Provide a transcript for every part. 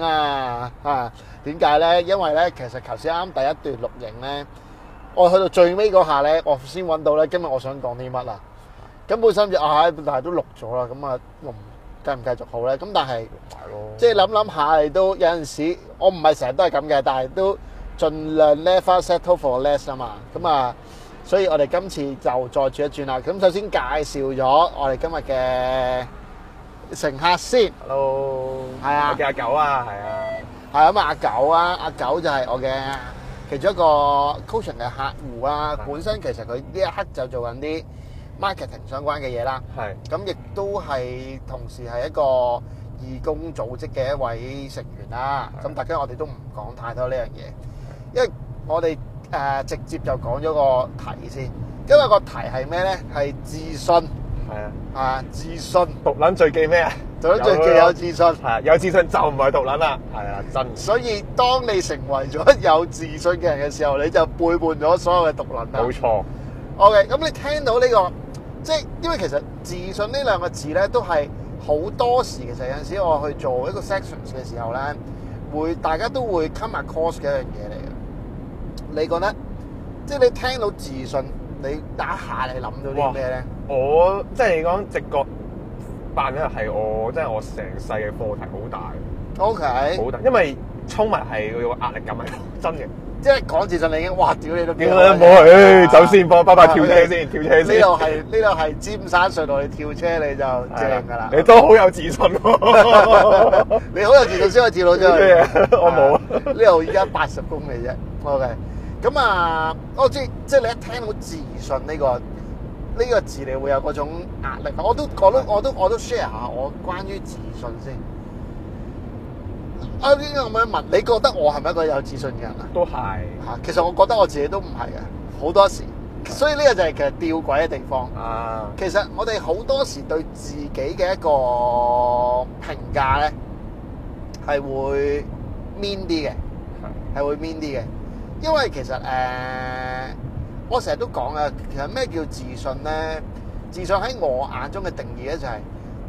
啊，嚇點解咧？因為咧，其實頭先啱第一段錄影咧，我去到最尾嗰下咧，我先揾到咧，今日我想講啲乜啊？咁本身就唉，但係都錄咗啦，咁啊錄，繼唔繼續好咧？咁但係，係咯，即係諗諗下，嚟都有陣時，我唔係成日都係咁嘅，但係都盡量 never settle for less 啊嘛。咁啊，所以我哋今次就再轉一轉啦。咁首先介紹咗我哋今日嘅。乘客先，Hello，係啊，我叫阿九啊，係啊，係咁啊，阿九啊，阿九就係我嘅其中一個 Coaching 嘅客戶啊。本身其實佢呢一刻就做緊啲 marketing 相關嘅嘢啦，咁亦都係同時係一個義工組織嘅一位成員啦。咁大家我哋都唔講太多呢樣嘢，因為我哋誒直接就講咗個題先，因為個題係咩咧？係自信。係啊，啊！自信獨撚最忌咩啊？獨撚最忌有自信。係啊了，有自信就唔係獨撚啦。係啊，真。所以當你成為咗有自信嘅人嘅時候，你就背叛咗所有嘅獨撚啦。冇錯錯。OK，咁你聽到呢個，即係因為其實自信呢兩個字咧，都係好多時其實有陣時我去做一個 sessions 嘅時候咧，會大家都會 come across 嘅一樣嘢嚟嘅。你覺得，即係你聽到自信？你打下你諗到啲咩咧？我即係你講直覺，扮嘅係我，即係我成世嘅課題好大。O K，好大，因為衝物係個壓力感係真嘅。即係講自信你已經，哇屌你都點你冇好去，啊、走先，幫爸爸跳車先，跳車先。呢度係呢度係尖山隧道，你跳車你就正噶啦。你都好有自信、啊， 你好有自信先可以跳到出去。Okay, 啊、我冇，呢度依家八十公里啫。O K。咁啊，我知即係你一聽到「自信」呢個呢個字，你會有嗰種壓力。我都覺得，我都我都 share 下我關於自信先。我點解咁樣問？你覺得我係咪一個有自信嘅人啊？都係吓，其實我覺得我自己都唔係嘅，好多時。的所以呢個就係其實吊詭嘅地方啊。其實我哋好多時對自己嘅一個評價咧，係的會 mean 啲嘅，係會 mean 啲嘅，因為其實誒、呃，我成日都講啊，其實咩叫自信咧？自信喺我眼中嘅定義咧、就是，就係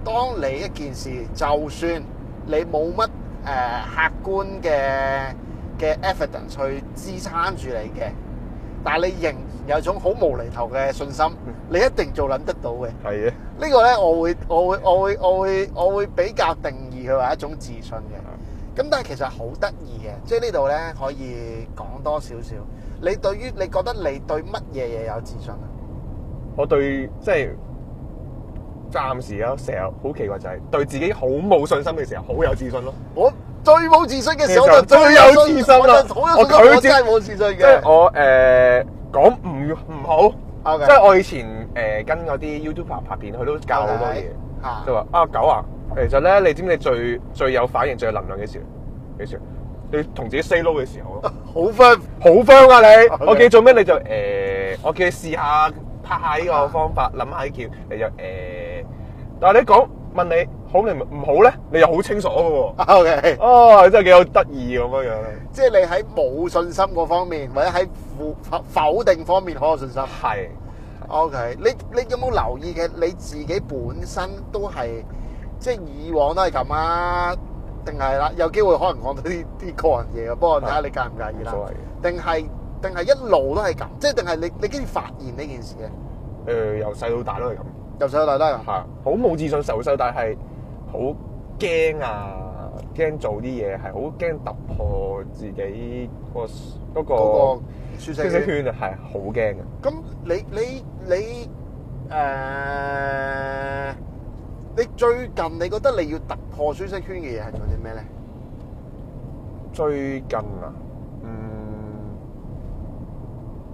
當你一件事，就算你冇乜誒客觀嘅嘅 evidence 去支撐住你嘅，但係你仍然有種好無厘頭嘅信心，你一定做捻得到嘅。係啊、嗯，個呢個咧我會我會我會我會我會，我會比較定義佢係一種自信嘅。咁但係其實好得意嘅，即係呢度咧可以講多少少。你對於你覺得你對乜嘢嘢有自信啊？我對即係暫時啊，成日好奇怪就係、是、對自己好冇信心嘅時候好有自信咯。我最冇自信嘅時候，我就最有自信啦。我真係冇自信嘅。我誒講唔唔好。Okay. 即係我以前誒、呃、跟嗰啲 YouTuber 拍片，佢都教好多嘢。就話啊狗啊。狗其實咧，你知唔知你最最有反應、最有能量嘅時候幾時？你同自己 say no 嘅時候咯，好 fun，好 fun 啊你！你 Okay. 我記得做咩？你就誒、呃，我記得試下拍下呢個方法，諗、啊、下叫你就誒。但係你講問你，問你好，好，你唔好咧，你又好清楚噶喎。OK，哦，真係幾有得意咁樣樣。即係你喺冇信心嗰方面，或者喺否否定方面，好有信心係。係。OK，你你有冇留意嘅你自己本身都係？即係以往都係咁啊，定係啦，有機會可能講到啲啲個人嘢啊。不過睇下你介唔介意啦。定係定係一路都係咁，即係定係你你經發現呢件事嘅？誒，由細到大都係咁。由細到大都係。係。好冇自信，由細到大係好驚啊！驚做啲嘢，係好驚突破自己個嗰個舒適圈啊，係好驚嘅。咁你你你誒？你最近你覺得你要突破舒適圈嘅嘢係做啲咩咧？呢最近啊，嗯，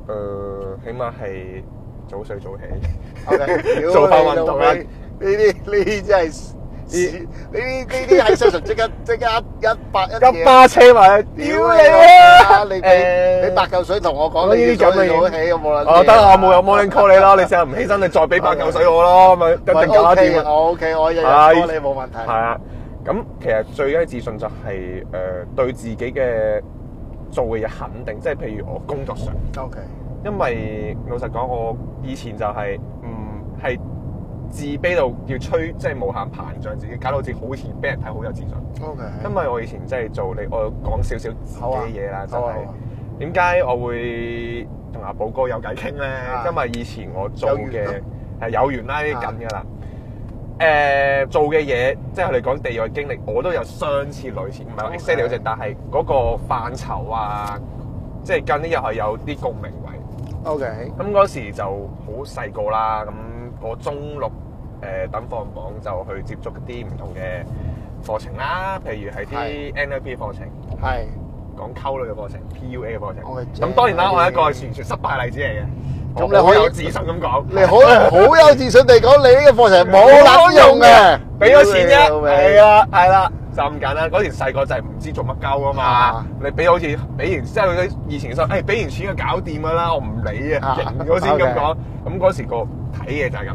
誒、呃，起碼係早睡早起， okay, 做下運動啦。呢啲呢啲真係～呢呢啲係自信，即刻即刻一百一一巴車埋去。屌你啊！你俾俾八嚿水同我講，咁嘅唔起，有冇冷靜。哦，得啊，冇有冇 morning call 你啦，你成日唔起身，你再俾八嚿水我咯，咪一定搞掂。我 O K，我日日 call 你冇問題。係啊，咁其實最一自信就係誒對自己嘅做嘅嘢肯定，即係譬如我工作上。O K。因為老實講，我以前就係唔係。自卑到要吹，即係無限膨脹自己，搞到自己好似好似俾人睇好有自信。O K。因為我以前真係做你，我講少少自己嘢啦，啊、真係點解我會同阿寶哥有偈傾咧？是因為以前我做嘅係有緣拉、啊嗯、近㗎啦。誒是、呃，做嘅嘢即係佢哋講第二個經歷，我都有相似類似，唔係話 e x a c t 但係嗰個範疇啊，即係近呢又係有啲共鳴位。O K。咁嗰時就好細個啦，咁個中六。誒，等放榜就去接觸啲唔同嘅課程啦，譬如係啲 NLP 課程，係講溝女嘅課程，PUA 嘅課程。咁當然啦，我係一個完全失敗嘅例子嚟嘅。咁你好有自信咁講，你好好有自信地講，你呢個課程冇用嘅，俾咗錢啫，係啦，係啦，就咁簡單。嗰時細個就係唔知做乜鳩啊嘛，你俾好似俾完即係，佢以前想，誒，俾完錢就搞掂噶啦，我唔理啊，贏咗先咁講。咁嗰時個睇嘢就係咁。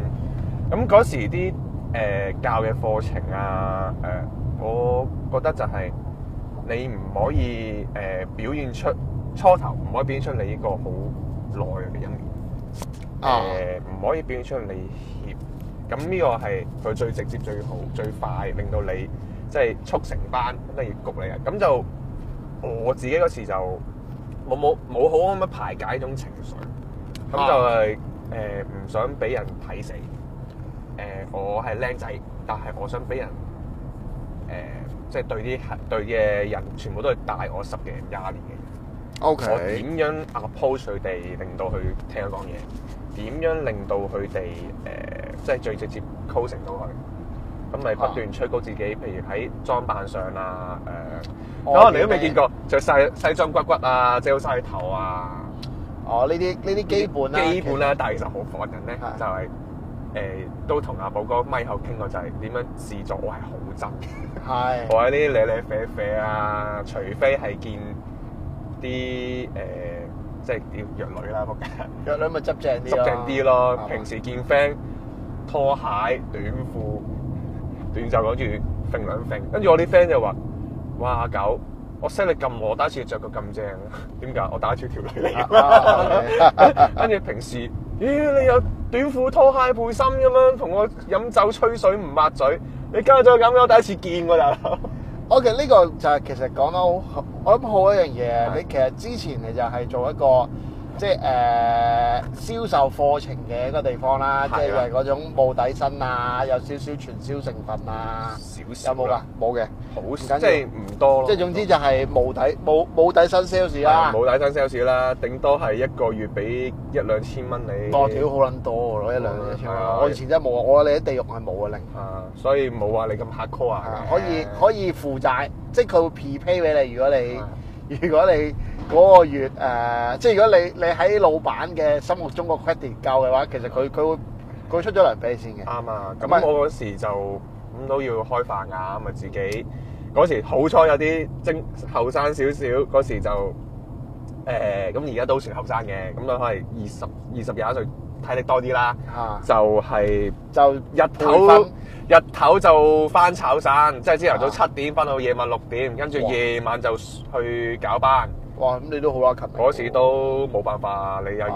咁嗰時啲誒教嘅課程啊，誒，我覺得就係你唔可以誒表現出初頭唔可以表現出你呢個好內嘅一面，誒唔可以表現出你怯，咁呢個係佢最直接、最好、最快令到你即係速成班跟住焗你啊！咁就我自己嗰時就冇冇冇好咁樣排解呢種情緒，咁就係誒唔想俾人睇死。誒，我係靚仔，但係我想俾人誒，即、呃、係、就是、對啲對嘅人，全部都係大我十幾廿年嘅人。O Okay . K，我點樣 approach 佢哋，令到佢聽我講嘢？點樣令到佢哋誒，即係最直接 coaching 到佢？咁咪不斷吹高自己，譬、ah. 如喺裝扮上啊，可能你都未見過，著曬西裝骨骨啊，遮好曬頭啊。哦、oh，呢啲呢啲基本啦，基本啦，但係其實好講人咧，就係。對誒都同阿寶哥咪口傾過就係點樣試著，我係好執嘅。係我喺呢啲嚟嚟啡啡啊，除非係見啲誒，即係叫約女啦，仆嘅約女咪執正啲咯。平時見 friend 拖鞋短褲短袖，跟住揈兩揈，跟住我啲 friend 就話：哇阿狗，我 send 你咁我第一次着個咁正，點解我打住條女嚟。」跟住平時。咦、哎，你有短褲拖鞋背心咁樣同我飲酒吹水唔抹嘴？你加咗咁樣第一次見喎，大 佬，okay。我其實呢個就係其實講得好，我諗好一樣嘢，你其實之前你就係做一個。即係誒銷售課程嘅一個地方啦，即係嗰種冇底薪啊，有少少傳銷成分啊，嗯、有冇啦？冇嘅，好即係唔多咯。即係總之就係冇底冇冇底薪 sales 啦，冇底薪 sales 啦，頂多係一個月俾一兩千蚊你。多條好撚多，攞一兩千。我以前真係冇，啊，我你啲地獄係冇嘅零。啊，uh, 所以冇話你咁 hard call 啊。可以可以負債，即係佢會 pay pay 俾你。You, 如果你, bull spacecraft 你 you, 如果你。y 嗰個月誒、呃，即係如果你你喺老闆嘅心目中個 credit 夠嘅話，其實佢佢會佢出咗糧俾你先嘅。啱啊吧！咁是我嗰時就咁都要開飯啊，咪自己嗰時好彩有啲精後生少少，嗰時就誒咁而家都算後生嘅，咁都可能二十二十幾歲，體力多啲啦。啊、就係、是、就日頭會會日頭就返炒散，即係朝頭早七點返、啊、到夜晚六點，跟住夜晚，晚就去搞班。哇！咁你都好拉近，嗰時都冇辦法，你又要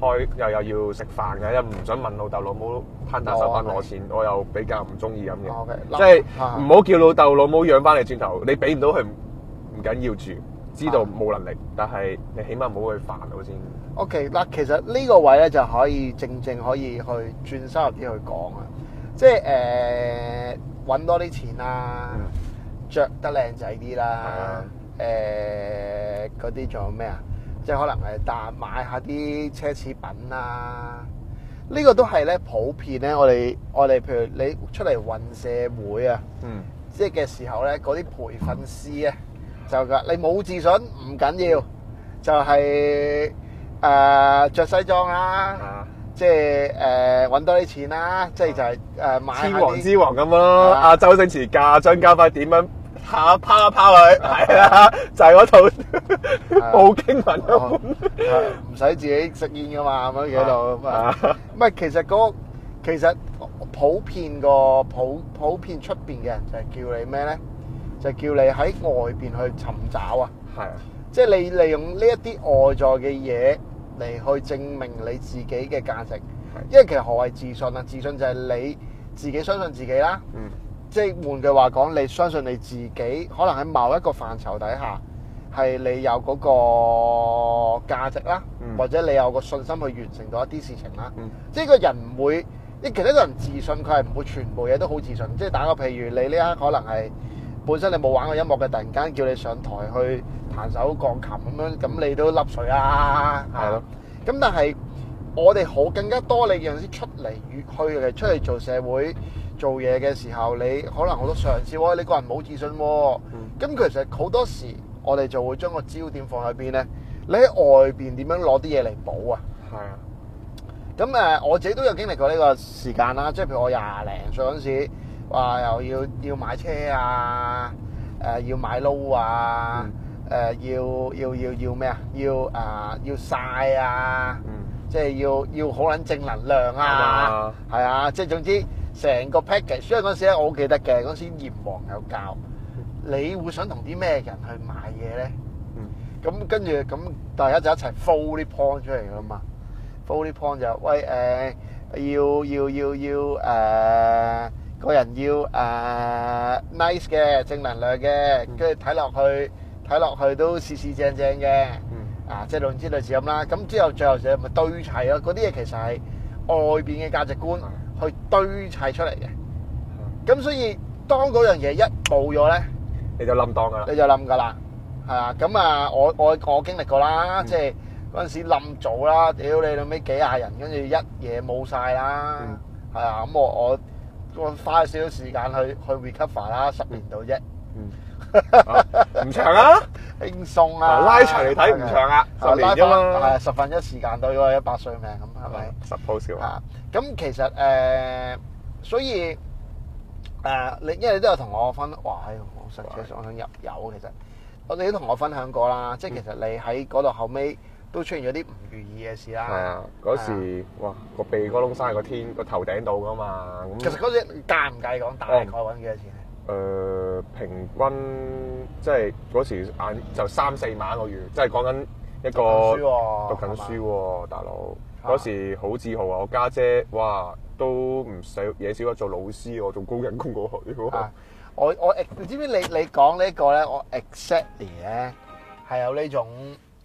開又、啊、又要食飯嘅，又唔想問老豆老母攤大手板攞錢，啊、我又比較唔中意飲嘅，即係唔好叫老豆老母養翻你轉頭，你俾唔到佢唔緊要住，知道冇能力，但係你起碼唔好去煩佢先、啊。O K，嗱，其實呢個位咧就可以正正可以去轉收入啲去講啊，即係誒揾多啲錢啦，着得靚仔啲啦。嗯誒嗰啲仲有咩啊？即係可能誒，但買下啲奢侈品啊，呢、這個都係咧普遍咧。我哋我哋譬如你出嚟混社會啊，嗯、即係嘅時候咧，嗰啲培訓師啊，就話你冇自信唔緊要，就係誒著西裝啊，啊即係誒揾多啲錢啦、啊，即係、啊、就係誒買天王之王咁咯。阿周星馳嫁張家輝點樣？爬一爬下拋下拋佢，係啦，就係嗰套暴京文啊！唔使自己食煙噶嘛，咁樣嘢度。咁啊？唔係、啊，其實嗰、那個、其實普遍、那個普普遍出邊嘅人就係叫你咩咧？就是、叫你喺外邊去尋找啊！係即係你利用呢一啲外在嘅嘢嚟去證明你自己嘅價值。啊、因為其實何謂自信啊？自信就係你自己相信自己啦。嗯。即係換句話講，你相信你自己，可能喺某一個範疇底下，係你有嗰個價值啦，嗯、或者你有個信心，去完成到一啲事情啦。嗯、即係個人唔會，你其實一個人自信，佢係唔會全部嘢都好自信。即係打個譬如你，你呢一刻可能係本身你冇玩過音樂嘅，突然間叫你上台去彈手鋼琴咁樣，咁你都笠水啦。係咯、嗯。咁但係我哋好更加多，你讓啲出嚟，越去嘅出嚟做社會做嘢嘅時候，你可能我都嘗試喎，你個人冇自信喎。咁其實好多時，我哋就會將個焦點放喺邊咧？你喺外邊點樣攞啲嘢嚟補啊？係啊。咁誒，我自己都有經歷過呢個時間啦。即係譬如我廿零歲嗰陣時，話又要要買車啊，誒要買樓啊，誒要要要要咩啊？要啊要晒啊！即係要要好撚正能量啊！係啊！即係總之。成個 package，所以嗰時咧我好記得嘅，嗰時炎黃有教你會想同啲咩人去買嘢咧？咁跟住咁大家就一齊 follow 啲 point 出嚟噶嘛，follow 啲 point 就喂誒要要要要誒個人要誒 nice 嘅正能量嘅，跟住睇落去睇落去都試試正正嘅，啊即係總之類似咁啦。咁之後最後就咪堆齊咯，嗰啲嘢其實係外邊嘅價值觀，去堆砌出嚟嘅，咁所以當嗰樣嘢一冇咗咧，你就冧檔噶啦，你就冧噶啦，係啊，咁啊，我我我經歷過啦，即係嗰陣時冧組啦，屌你到尾幾廿人，跟住一嘢冇晒啦，係啊，咁我我我花少少時間去去 recover 啦，十年到啫，唔長啊，輕鬆啊，拉長嚟睇唔長啊，十年啫嘛，係十分一時間對我一百歲命。係咪 suppose 嘅話？啊，咁其實誒，所以誒，你因為你都有同我分，哇！唉，我實際上我想入油其實，我你都同我分享過啦。即係其實你喺嗰度後尾都出現咗啲唔如意嘅事啦。係啊，嗰時哇，個鼻哥窿生喺個天個頭頂度㗎嘛。其實嗰時介唔介意講大概揾幾多錢咧？誒，平均即係嗰時，眼就三四萬一個月，即係講緊一個讀緊書喎，大佬。嗰、啊、時好自豪啊！我家姐，姐哇都唔使惹少得做老師，我仲高人工過佢。啊！我我誒，你知唔知你你講呢個咧？我 exactly 咧係有呢種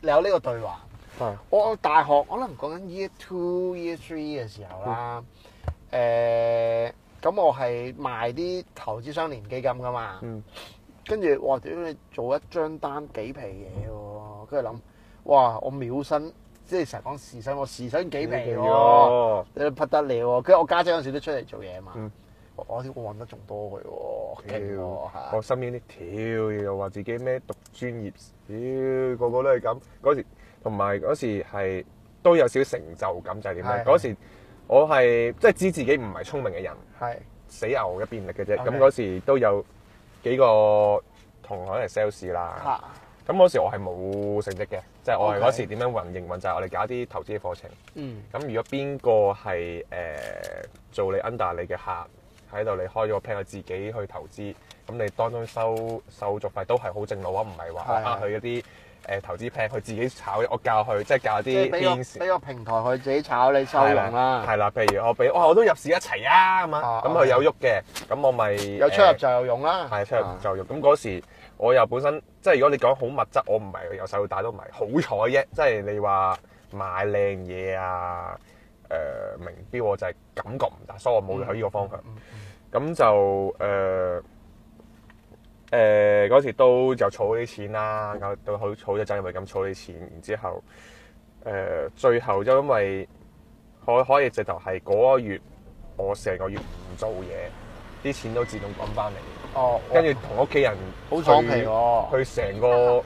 有呢個對話。是我大學可能講緊 year two year three 嘅時候啦。誒、嗯，咁、呃、我係賣啲投資相連基金噶嘛。跟住我做一張單幾皮嘢喎，跟住諗哇，我秒薪。即係成日講時薪，我時薪幾平喎，誒，不得了！佢我家姐嗰時都出嚟做嘢嘛，嗯、我啲我搵得仲多佢喎、啊。我身邊啲，條友又話自己咩讀專業，屌個個都係咁。嗰時同埋嗰時係都有少少成就感，就係點樣？嗰時我係即係知自己唔係聰明嘅人，係的死牛嘅變力嘅啫。咁嗰 Okay 時都有幾個同行係 sales 啦。啊。咁嗰時我係冇成績嘅，即係我係嗰時點樣運營運就係我哋搞啲投資嘅課程。咁如果邊個係誒做你 under 你嘅客喺度，你開咗個 plan 佢自己去投資，咁你當中收手續費都係好正路，唔係話佢去啲誒投資 plan 佢自己炒，我教佢即係教啲 insider 俾個平台佢自己炒，你收傭啦。係啦，譬如我俾，我都入市一齊啊，咁啊咁佢有喐嘅，咁我咪有出入就有用啦。係出入就用，咁嗰時。我又本身即係如果你講好物質，我唔係由細到大都唔係好彩啫。即係你話買靚嘢啊，明、呃、名錶我就係感覺唔大，所以我冇去呢個方向。咁、嗯嗯嗯、就誒誒嗰時都就儲啲錢啦，咁都好儲咗真係咁儲啲錢，錢。然後之後誒、呃、最後就因為可可以直頭係嗰個月，我成個月唔做嘢，啲錢都自動滾翻嚟。哦，oh, wow. 跟住同屋企人去平、啊、去成個，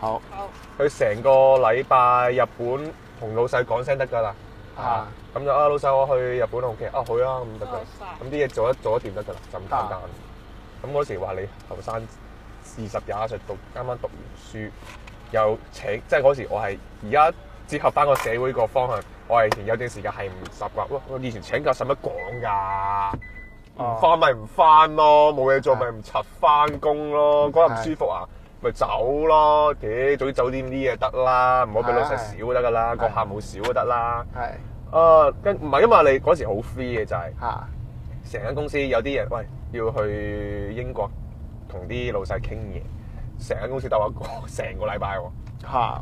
好，Yeah. 去成個禮拜日本同老細講聲得噶啦，Yeah. 啊，咁就啊老細我去日本 OK，啊好啊咁得嘅，咁啲嘢做一做一掂得噶啦，就咁簡單。咁嗰 Yeah.、啊、時話你後生二十廿出讀，啱啱讀完書，又請，即係嗰時我係而家結合翻個社會個方向，我係以前有段時間係唔習慣，哇，我以前請教使乜講噶？唔翻咪唔翻咯，冇嘢做咪唔柒翻工咯。覺得唔舒服啊，咪走咯。屌，早啲酒店啲嘢得啦，唔好俾老細少得噶啦，的個客冇少都得啦。係的，啊、呃，跟唔係因為你嗰時好 free 嘅就係、是，成的間公司有啲人喂要去英國同啲老細傾嘢，成間公司得我個，個，成個禮拜喎。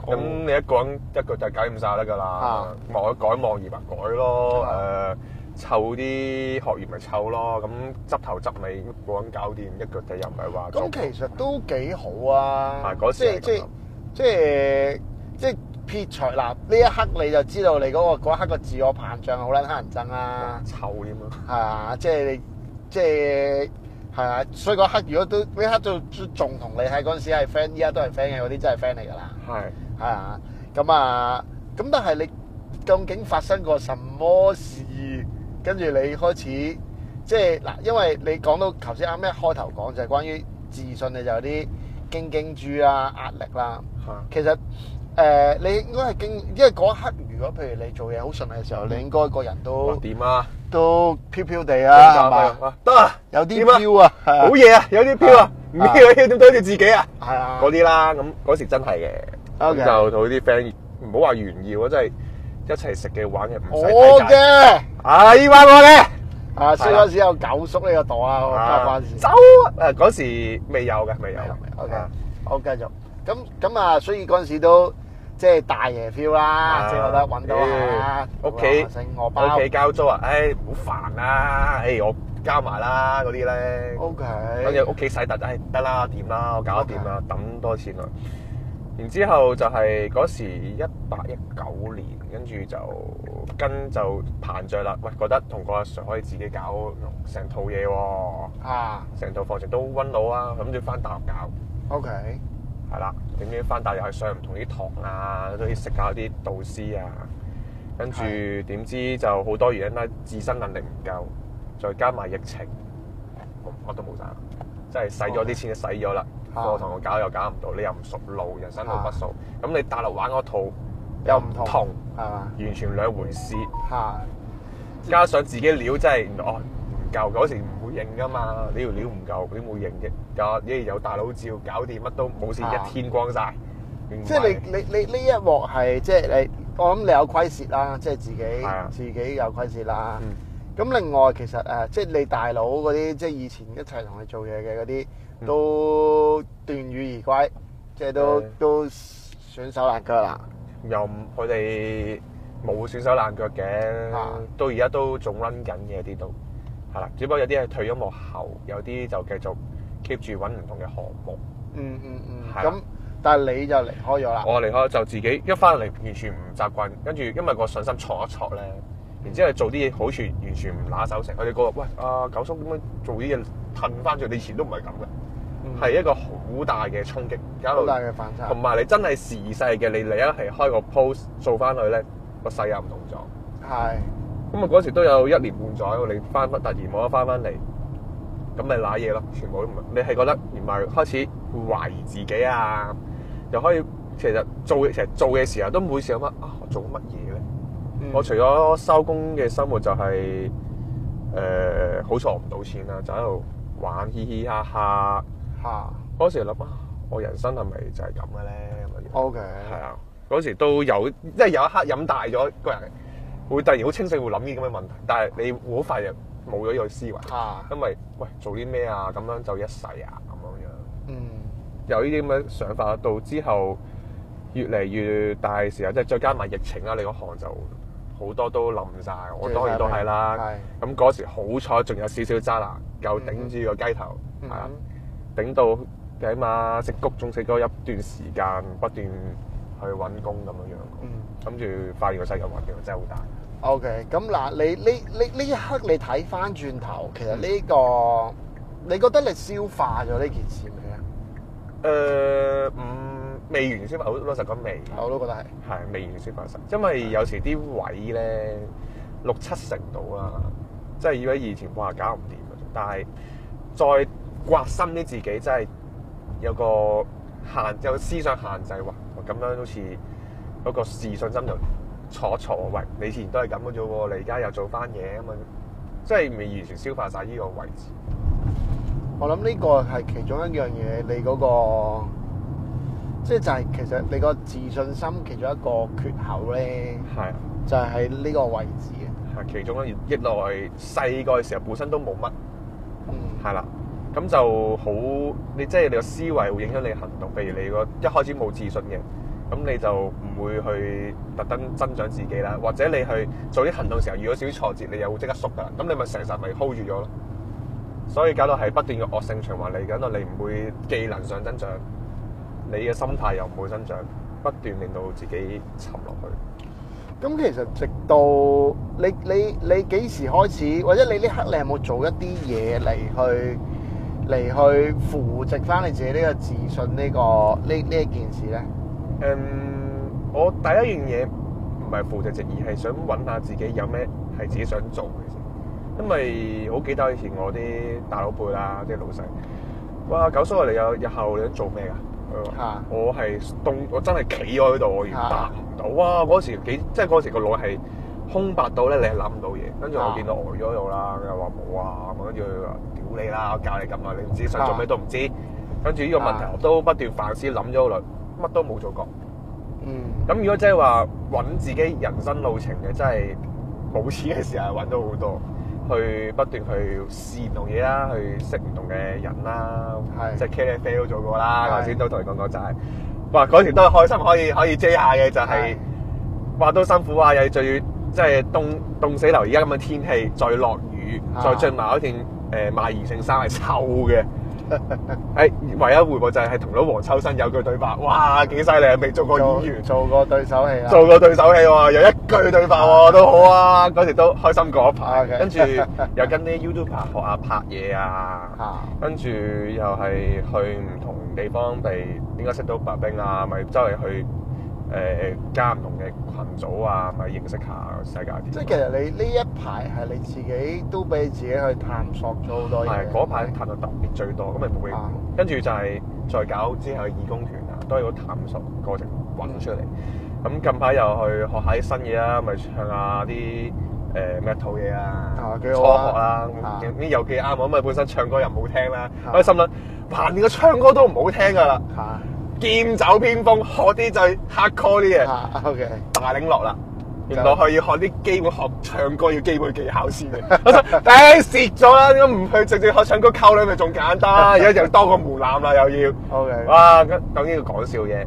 咁你一個人一個就搞掂曬得噶啦，改望而頁改咯，誒。湊啲學業咪湊咯，咁執頭執尾，嗰陣搞掂，一腳地又唔係話。咁其實都幾好啊！嗱、啊，即係即係即係即係撇財嗱，呢一刻你就知道你嗰、嗰個嗰刻個自我膨脹好撚乞人憎啦。湊添咯。係啊，即係即係係啊，所以嗰刻如果都嗰刻都仲同你喺嗰陣時係 friend，依家都係 friend 嘅嗰啲真係 friend 嚟㗎啦。係是。係啊，咁啊，咁但係你究竟發生過什麼事？跟住你開始，即係嗱，因為你講到頭先啱啱開頭講就係關於自信，你就有啲驚驚豬啦、壓力啦。嚇，其實誒，你應該係驚，因為嗰一刻，如果譬如你做嘢好順利嘅時候，你應該個人都點啊？都飄飄地啊，係嘛？得，有啲飄啊，好嘢啊，有啲飄啊，唔飄唔飄點對住自己啊？係啊，嗰啲啦，咁嗰時真係嘅，咁就同啲 friend 唔好話炫耀啊，真係。一齊食嘅玩嘅唔使計曬。我嘅，哎玩我嘅，啊所以嗰陣時有九叔呢個度啊，交關事。走。誒嗰時未有嘅，未有。OK，好繼續。咁咁啊，所以嗰陣時都即係大爺票啦，正得揾到啊。屋企剩我包。屋企交租啊？誒好煩啊！誒我交埋啦嗰啲咧。OK。跟住屋企洗滌，誒得啦，掂啦，我搞得掂啦，揼多錢來。然之後就係嗰時一八一九年，跟住就跟就膨脹啦。喂，覺得同個阿 Sir 可以自己搞成套嘢喎。啊！成套課程都溫老啊，諗住翻大學搞。O Okay . K。係啦，點知翻大學又係上唔同啲堂啊，都要食下啲導師啊。跟住點知就好多原因啦，自身能力唔夠，再加埋疫情，我都冇賺，真係使咗啲錢就使咗啦。我同佢搞又搞唔到，你又唔熟路，人生路不熟。咁、啊、你大陸玩嗰套又唔同，同係嘛完全兩回事。啊、加上自己料真係哦，唔夠嗰時唔會認噶嘛，這個、你條料唔夠，你唔會認嘅。因為有大佬照搞掂，乜都冇事，一天光晒。啊、即係你你你呢一鑊係即係你，我諗你有虧蝕啦，即係自己、啊、自己有虧蝕啦。咁、嗯、另外其實誒，即係你大佬嗰啲，即係以前一齊同你做嘢嘅嗰啲。都斷羽而歸，即係都、呃、都損手爛腳啦。又佢哋冇損手爛腳嘅，嗯、到而家都仲 run 緊嘅啲都係啦。的只不過有啲係退咗幕後，有啲就繼續 keep 住揾唔同嘅項目。嗯嗯嗯。咁、嗯嗯、的但係你就離開咗啦。我離開就自己一翻嚟完全唔習慣，跟住因為個信心挫一挫咧，嗯、然之後做啲嘢好處完全唔拿手成。佢哋講喂，啊九叔，點解做啲嘢褪翻咗？你以前都唔係咁嘅。係、mm hmm. 一個好大嘅衝擊，好大嘅反差。同埋你真係時勢嘅。你嚟一係開一個 post 做翻佢咧，個世又唔同咗。係咁啊！嗰時都有一年半左右，你翻翻突然冇得翻翻嚟，咁咪賴嘢咯。全部都唔，你係覺得而埋開始懷疑自己啊，又可以其實做其實做嘅時候都每次諗乜啊？我做乜嘢咧？Mm hmm. 我除咗收工嘅生活就係、是、誒、呃、好錯唔到錢啦，就喺度玩嘻嘻哈哈。啊！嗰時諗，我人生係咪就係咁嘅咧？OK，係啊！嗰時都有，即係有一刻飲大咗，個人會突然好清醒，會諗呢啲咁嘅問題。但係你好快就冇咗呢個思維。啊！因為喂，做啲咩啊？咁樣就一世啊？咁樣樣。嗯。有呢啲咁嘅想法，到之後越嚟越大嘅時候，即係再加埋疫情啦，你嗰行就好多都冧晒。我當然都係啦。係是。咁嗰是時好彩，仲有少少渣男，又頂住個雞頭。嗯。嗯。頂到起碼食谷仲食咗一段時間，不斷去揾工咁樣樣，諗住發現個世界環境真係好大。OK，咁嗱，你呢呢呢一刻你睇翻轉頭，其實呢個你覺得你消化咗呢件事未咧？誒，唔未完消化，好老實講未。我都覺得係，係未完消化實。因為有時啲位咧六七成度啦，即係以為以前話搞唔掂嘅，但係再。刮心啲自己，真係有個限，有思想限制，話咁樣好似嗰個自信心就坐坐，喂，你以前都係咁嘅啫喎，你而家又做翻嘢啊嘛，即係未完全消化晒呢個位置。我諗呢個係其中一樣嘢，你嗰、嗰個即係就係、是、其實你個自信心其中一個缺口咧，係、啊、就係喺呢個位置嘅。係、啊、其中啦，亦內細個嘅時候本身都冇乜，嗯，係啦、啊。咁就好，即你即係你個思維會影響你行動。譬如你個一開始冇自信嘅，咁你就唔會去特登增長自己啦。或者你去做啲行動時候，遇到少少挫折，你又會即刻縮㗎。咁你咪成日咪 hold 住咗咯。所以搞到係不斷嘅惡性循環嚟緊，你唔會技能上增長，你嘅心態又唔會增長，不斷令到自己沉落去。咁其實直到你你你幾時開始，或者你呢刻你有冇做一啲嘢嚟去？嚟去扶植翻你自己呢個自信、這個、呢個呢呢一件事咧？嗯，我第一樣嘢唔係扶植，而係想揾下自己有咩係自己想做嘅事。因為好記得以前我啲大佬輩啊，即係老細，哇！九叔，你有日後你想做咩噶？呃啊、我係凍，我真係企咗喺度，我完答唔到。啊，嗰時幾即係嗰時個腦係～空白到咧，你係諗唔到嘢。跟住我見到呆咗喺度啦，佢又話冇啊。咁跟住佢話屌你啦，我教你咁啊，你唔知想做咩都唔知。跟住呢個問題，我都不斷反思，諗咗好耐，乜都冇做過。嗯。咁如果真係話揾自己人生路程嘅，真係冇錢嘅時候揾到好多，去不斷去試唔同嘢啦，去識唔同嘅人啦，即係 cafe 都做過啦。頭先都同你講過，就係話嗰時都開心，可以可以遮下嘅就係話都辛苦啊，又最～即係凍凍死流，而家咁嘅天氣，再落雨，啊、再著埋嗰件誒馬兒勝三係臭嘅。誒， 唯一回報就係係同老黃秋生有句對白，哇，幾犀利啊！未做過演員，做，做過對手戲啊， 做過對手戲喎，有一句對白都好啊，嗰時都開心過一拍嘅。跟住 Okay. 又跟啲 YouTuber 學下拍嘢啊， 跟住又係去唔同地方，被點解識到白兵啊？咪周圍去。誒加唔同嘅群組啊，咪認識下世界啲。即係其實你呢一排係你自己都俾自己去探索咗好多嘢。嗰排探索特別最多，咁咪冇嘢。跟住、啊、就係再搞之後義工團啊，都係好探索過程揾出嚟。咁近排又去學下啲新嘢啦，咪對唱下啲誒 metal 嘢啊。啊初學啊，尤其啱我，咪本身唱歌又唔好聽啦，我心諗，連、啊、個唱歌都唔好聽噶啦。嚇、啊！啊劍走偏鋒，學啲就最黑科啲嘢，大、啊 okay、領落啦，原來去要學啲基本學唱歌要基本技巧先。頂蝕咗啦，咁、哎、唔去直接學唱歌溝女咪仲簡單，而家又多個門檻啦，又要，哇 Okay，等於個講笑嘢。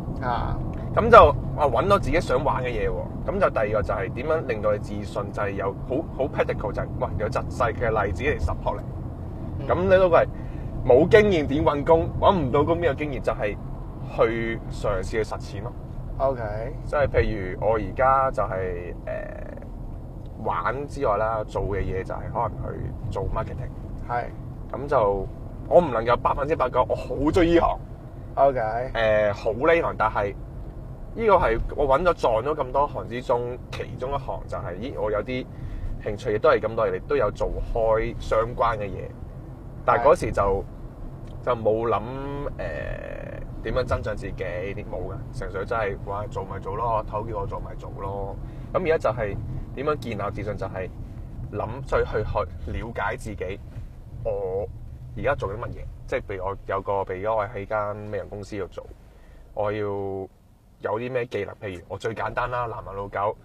咁就啊，搵、啊啊、到自己想玩嘅嘢。咁就第二個就係點樣令到你自信，就係、是、有好好 pedigree 就係喂有實際嘅例子嚟實學嚟。咁、嗯、你都個係冇經驗點揾工，搵唔到工邊有經驗就係、是。去嘗試去實踐咯。OK，即係譬如我而家就係、是、誒、呃、玩之外啦，做嘅嘢就係可能去做 marketing。係是，咁就我唔能夠百分之百講我好中意呢行。OK，誒好呢行，但係呢個係我揾咗撞咗咁多行之中其中一行、就是，就係咦，我有啲興趣亦都係咁多嘢，亦都有做開相關嘅嘢。但係嗰時就是就冇諗誒。呃點樣增長自己？你冇嘅，純粹真係話做咪做咯，頭叫我做咪做咯。咁而家就係點樣建立自信，就係諗再去去了解自己我。我而家做緊乜嘢？即係譬如我有個，譬如我喺間美容公司度做，我要有啲咩技能？譬如我最簡單啦，男人老狗。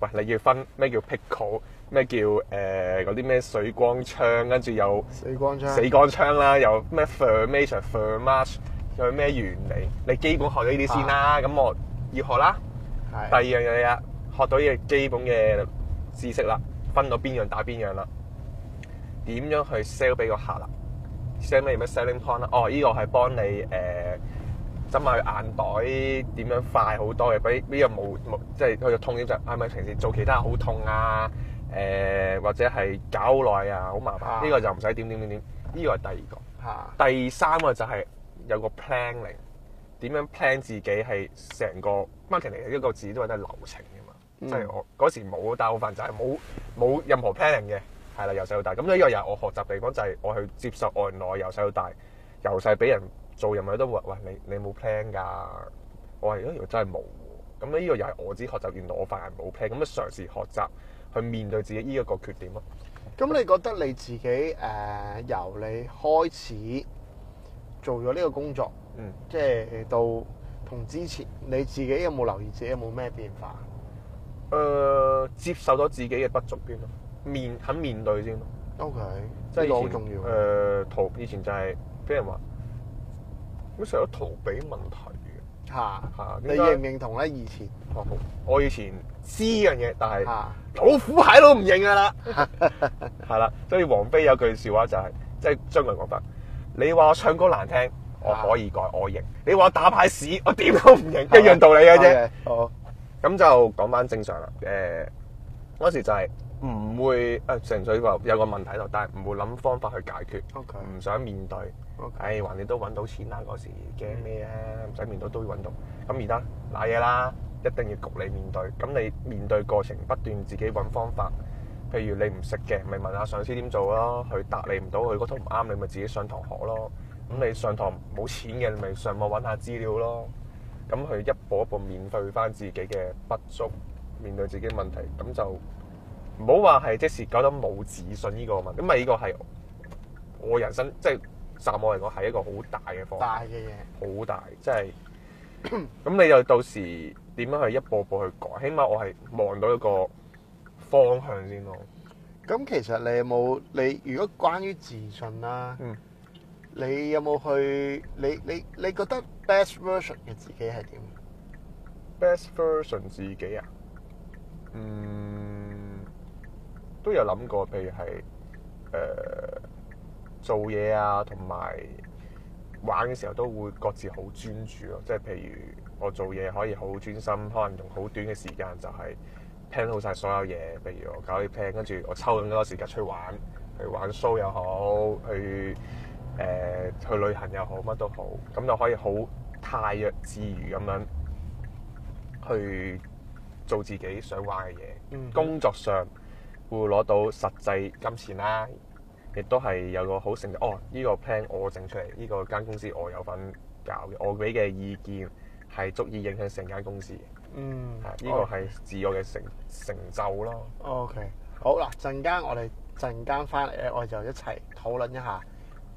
喂，你要分咩叫 Pico，咩叫誒嗰啲咩水光槍，跟住有水光槍水光槍啦，有咩 formation, formati 佢咩原理？你基本學咗呢啲先啦。咁、啊、我要學啦。第二樣嘢啊，學到呢啲基本嘅知識啦，分到邊樣打邊樣啦，點樣去 sell 俾個客啦？sell 咩？咩 selling point 啦？哦，呢、呢個係幫你誒，針、呃、下眼袋點樣快好多嘅？畀呢個冇冇，即係佢個痛點就係咪平時做其他好痛啊？誒、呃，或者係搞耐啊，好麻煩。呢、啊、個就唔使點點點點。呢個係第二個。啊、第三個就係、係。有個 planning，點樣 plan 自己係成個 marketing 一個字都係得流程嘅嘛。嗯、即係我嗰時冇大個範，就係冇冇任何 planning 嘅，係啦，由細到大。咁呢一個又係我學習地方，就係我去接受外來，由細到大，由細俾人做任何都會話：喂，你你冇 plan 㗎？我係因為真係冇。咁呢呢個又係我自己學習原來我發現冇 plan。咁啊嘗試學習去面對自己呢一個缺點咯。咁、嗯、你覺得你自己誒、呃、由你開始？做咗呢個工作，嗯，即係到同之前你自己有冇留意自己有冇咩變化？誒、呃，接受咗自己嘅不足先咯，面肯面對先咯。O Okay , K，即係好重要誒，逃、啊、以前就係俾人話，咁成日都逃避問題嘅。吓吓吧，你認唔認同咧？以前、哦，我以前知樣嘢，但係老吧虎蟹佬唔認噶啦，係啦。所以王菲有句笑話就係，即係將來覺得。」你話我唱歌難聽，我可以改我型； 你話我打牌屎，我點都唔認， 一樣道理嘅啫。哦，咁就講翻正常啦。誒、嗯，嗰時就係唔會誒純粹話有個問題度，但係唔會諗方法去解決，唔、嗯 okay，想面對。誒、哎，還你都揾到錢啦，嗰時驚咩啊？唔使面對都揾到。咁而家瀨嘢啦，一定要焗你面對。咁你面對過程不斷自己揾方法。譬如你唔識嘅，咪問下上司點做咯。佢答你唔到，佢覺得唔啱，你咪自己上堂學咯。咁你上堂冇錢嘅，你咪上網揾下資料咯。咁佢一步一步面對翻自己嘅不足，面對自己問題，咁就唔好話係即時覺得冇自信呢個問題。咁咪呢個係我人生即係站我嚟講係一個好大嘅課，大嘅嘢，好大，即係。咁你又到時點樣去一步一步去改？起碼我係望到一個方向先咯。咁其實你有冇？你如果關於自信啦，嗯、你有冇去？你你你覺得 best version 嘅自己係點？Best version 自己啊？嗯，都有諗過。譬如係誒、呃、做嘢啊，同埋玩嘅時候都會各自好專注咯。即係譬如我做嘢可以好專心，可能用好短嘅時間就係、是，plan 好晒所有嘢，譬如我搞啲 plan，跟住我抽咁多時間出去玩，去玩 show 又好，去誒、呃、去旅行又好，乜都好，咁就可以好泰若自如咁樣去做自己想玩嘅嘢。Mm hmm. 工作上會攞到實際金錢啦，亦都係有個好成績。哦，依、呢個 plan 我整出嚟，呢、呢個間公司我有份搞嘅，我俾嘅意見係足以影響成間公司。嗯，呢個係自我嘅成 Okay. 成就咯。OK，好啦，陣間我哋陣間翻嚟咧，我哋就一齊討論一下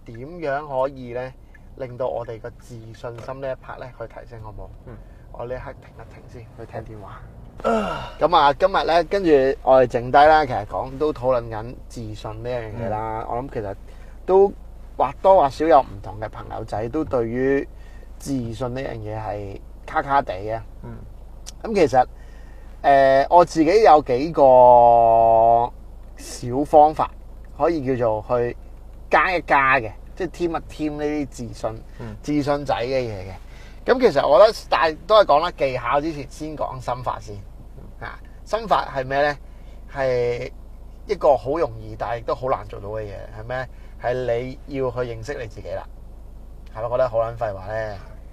點樣可以咧令到我哋個自信心呢一 part 咧去提升，好冇？嗯，我呢刻停一停先，去聽電話。咁啊、嗯，今日咧跟住我哋剩低啦，其實講都討論緊自信呢樣嘢啦。嗯、我諗其實都或多或少有唔同嘅朋友仔都對於自信呢樣嘢係卡卡地嘅。嗯。咁其實誒、呃，我自己有幾個小方法可以叫做去加一加嘅，即係添一添呢啲自信、自信仔嘅嘢嘅。咁其實我覺得，但係都係講啦，技巧之前先講心法先。啊，心法係咩咧？係一個好容易，但係亦都好難做到嘅嘢，係咩？係你要去認識你自己啦。係咪覺得好撚廢話咧？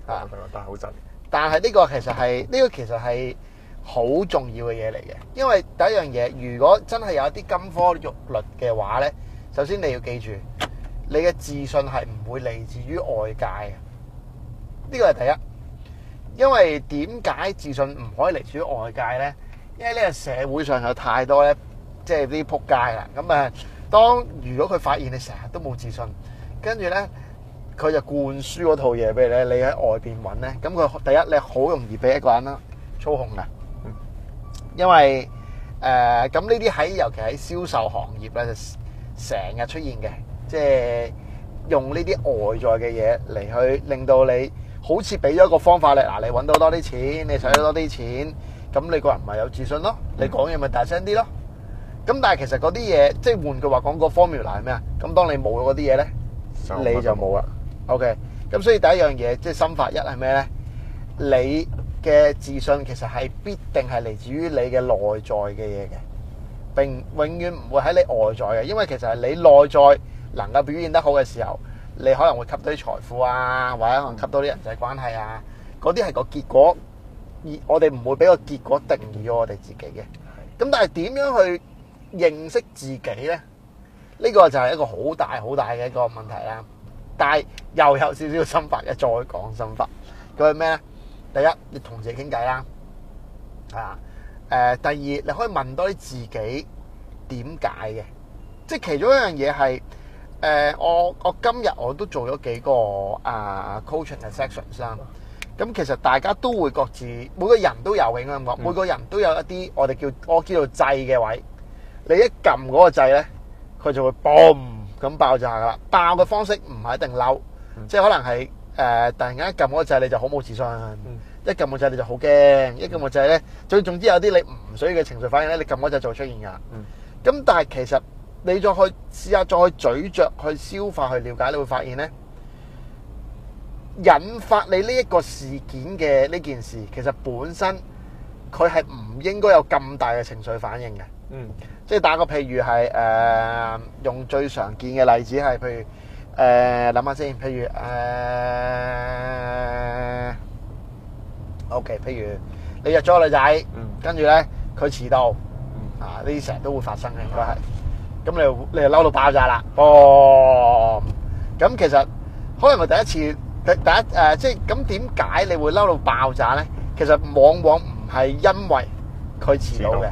啊，但係好真。但係呢個其實係呢個其實係好重要嘅嘢嚟嘅，因為第一樣嘢，如果真係有一啲金科玉律嘅話呢，首先你要記住，你嘅自信係唔會嚟自於外界嘅，呢個係第一。因為點解自信唔可以嚟自於外界呢？因為呢個社會上有太多呢，即係啲扑街啦。咁啊，當如果佢發現你成日都冇自信，跟住呢。佢就灌輸嗰套嘢，俾你咧，你喺外邊揾咧，咁佢第一，你好容易俾一個人啦操控嘅，因為誒，咁呢啲喺尤其喺銷售行業咧，就成日出現嘅，即係用呢啲外在嘅嘢嚟去令到你好似俾咗個方法咧，嗱，你揾到多啲錢，你使咗多啲錢，咁你個人咪有自信咯，你講嘢咪大聲啲咯，咁但係其實嗰啲嘢，即係換句話講，個 formula 係咩啊？咁當你冇咗嗰啲嘢咧，你就冇啦。OK，咁所以第一樣嘢，即係心法一係咩咧？你嘅自信其實係必定係嚟自於你嘅內在嘅嘢嘅，並永遠唔會喺你外在嘅，因為其實係你內在能夠表現得好嘅時候，你可能會吸到啲財富啊，或者可能吸到啲人際關係啊，嗰啲係個結果。而我哋唔會俾個結果定義咗我哋自己嘅。咁但係點樣去認識自己咧？呢個就係一個好大好大嘅一個問題啦。但係又有少少心法嘅，再講心法。佢係咩咧？第一，你同自己傾偈啦，啊，誒，第二，你可以問多啲自己點解嘅。即係其中一樣嘢係，誒，我我今日我都做咗幾個啊、uh, coaching sessions。咁其實大家都會各自每個人都游泳啊嘛，每個人都有一啲我哋叫我叫做掣嘅位。你一撳嗰個掣咧，佢就會 boom。咁爆就係啦，爆嘅方式唔係一定嬲，嗯、即係可能係誒、呃、突然間一撳嗰掣，你就好冇自信；嗯、一撳個掣你就好驚；嗯、一撳個掣咧，最總之有啲你唔需要嘅情緒反應咧，你撳嗰掣就會出現噶。咁、嗯、但係其實你再去試下，再去咀嚼、去消化、去了解，你會發現咧，引發你呢一個事件嘅呢件事，其實本身佢係唔應該有咁大嘅情緒反應嘅。嗯，即係打個譬如係誒，用最常見嘅例子係譬如誒，諗下先，譬如誒，OK，譬如你約咗個女仔，跟住咧佢遲到，啊呢啲成日都會發生嘅，應該係，咁你又你就嬲到爆炸啦，哦，咁其實可能係第一次第第一誒，即係咁點解你會嬲到爆炸咧？其實往往唔係因為佢遲到嘅。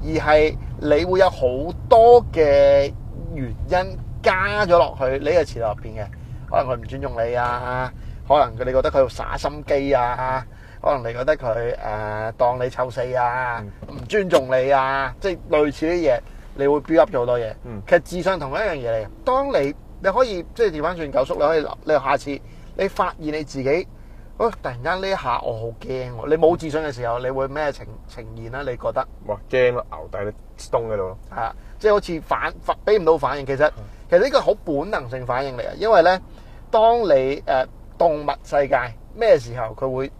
而係你會有好多嘅原因加咗落去呢個詞入邊嘅，可能佢唔尊重你啊，可能佢你覺得佢要耍心機啊，可能你覺得佢誒、呃、當你臭四啊，唔尊重你啊，即係類似啲嘢，你會 build up 咗好多嘢。嗯、其實自信同一樣嘢嚟，當你你可以即係調翻轉九叔，你可以，你，可以你下次你發現你自己。哦！突然間呢一下，我好驚喎！你冇自信嘅時候，你會咩呈呈現咧？你覺得？哇！驚咯，牛大你凍喺度咯～係啊，即係好似反反俾唔到反應。其實其實呢個好本能性反應嚟啊，因為咧，當你誒動物世界咩時候佢會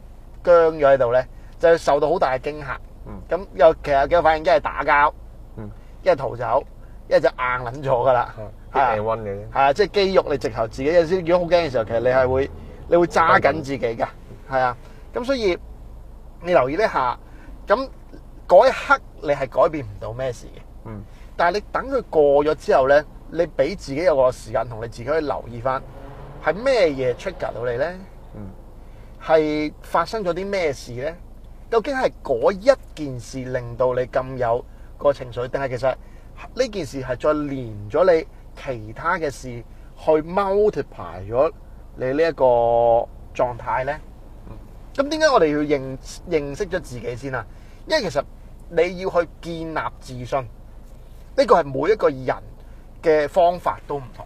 僵咗喺度咧，就係受到好大嘅驚嚇。嗯。咁又其實有幾個反應一係打交，嗯，一係逃走，一係就硬撚咗㗎啦。係啊，即係肌肉你直頭自己有時如果好驚嘅時候，其實你係會。你會揸緊自己㗎，係啊，咁所以你留意一下，咁嗰一刻你係改變唔到咩事嘅，嗯，但係你等佢過咗之後咧，你俾自己有個時間同你自己去留意翻，係咩嘢 trigger 到你咧，嗯，係發生咗啲咩事咧？究竟係嗰一件事令到你咁有個情緒，定係其實呢件事係再連咗你其他嘅事去 multiply 咗？你呢一個狀態呢，咁點解我哋要認認識咗自己先啊？因為其實你要去建立自信，呢個係每一個人嘅方法都唔同，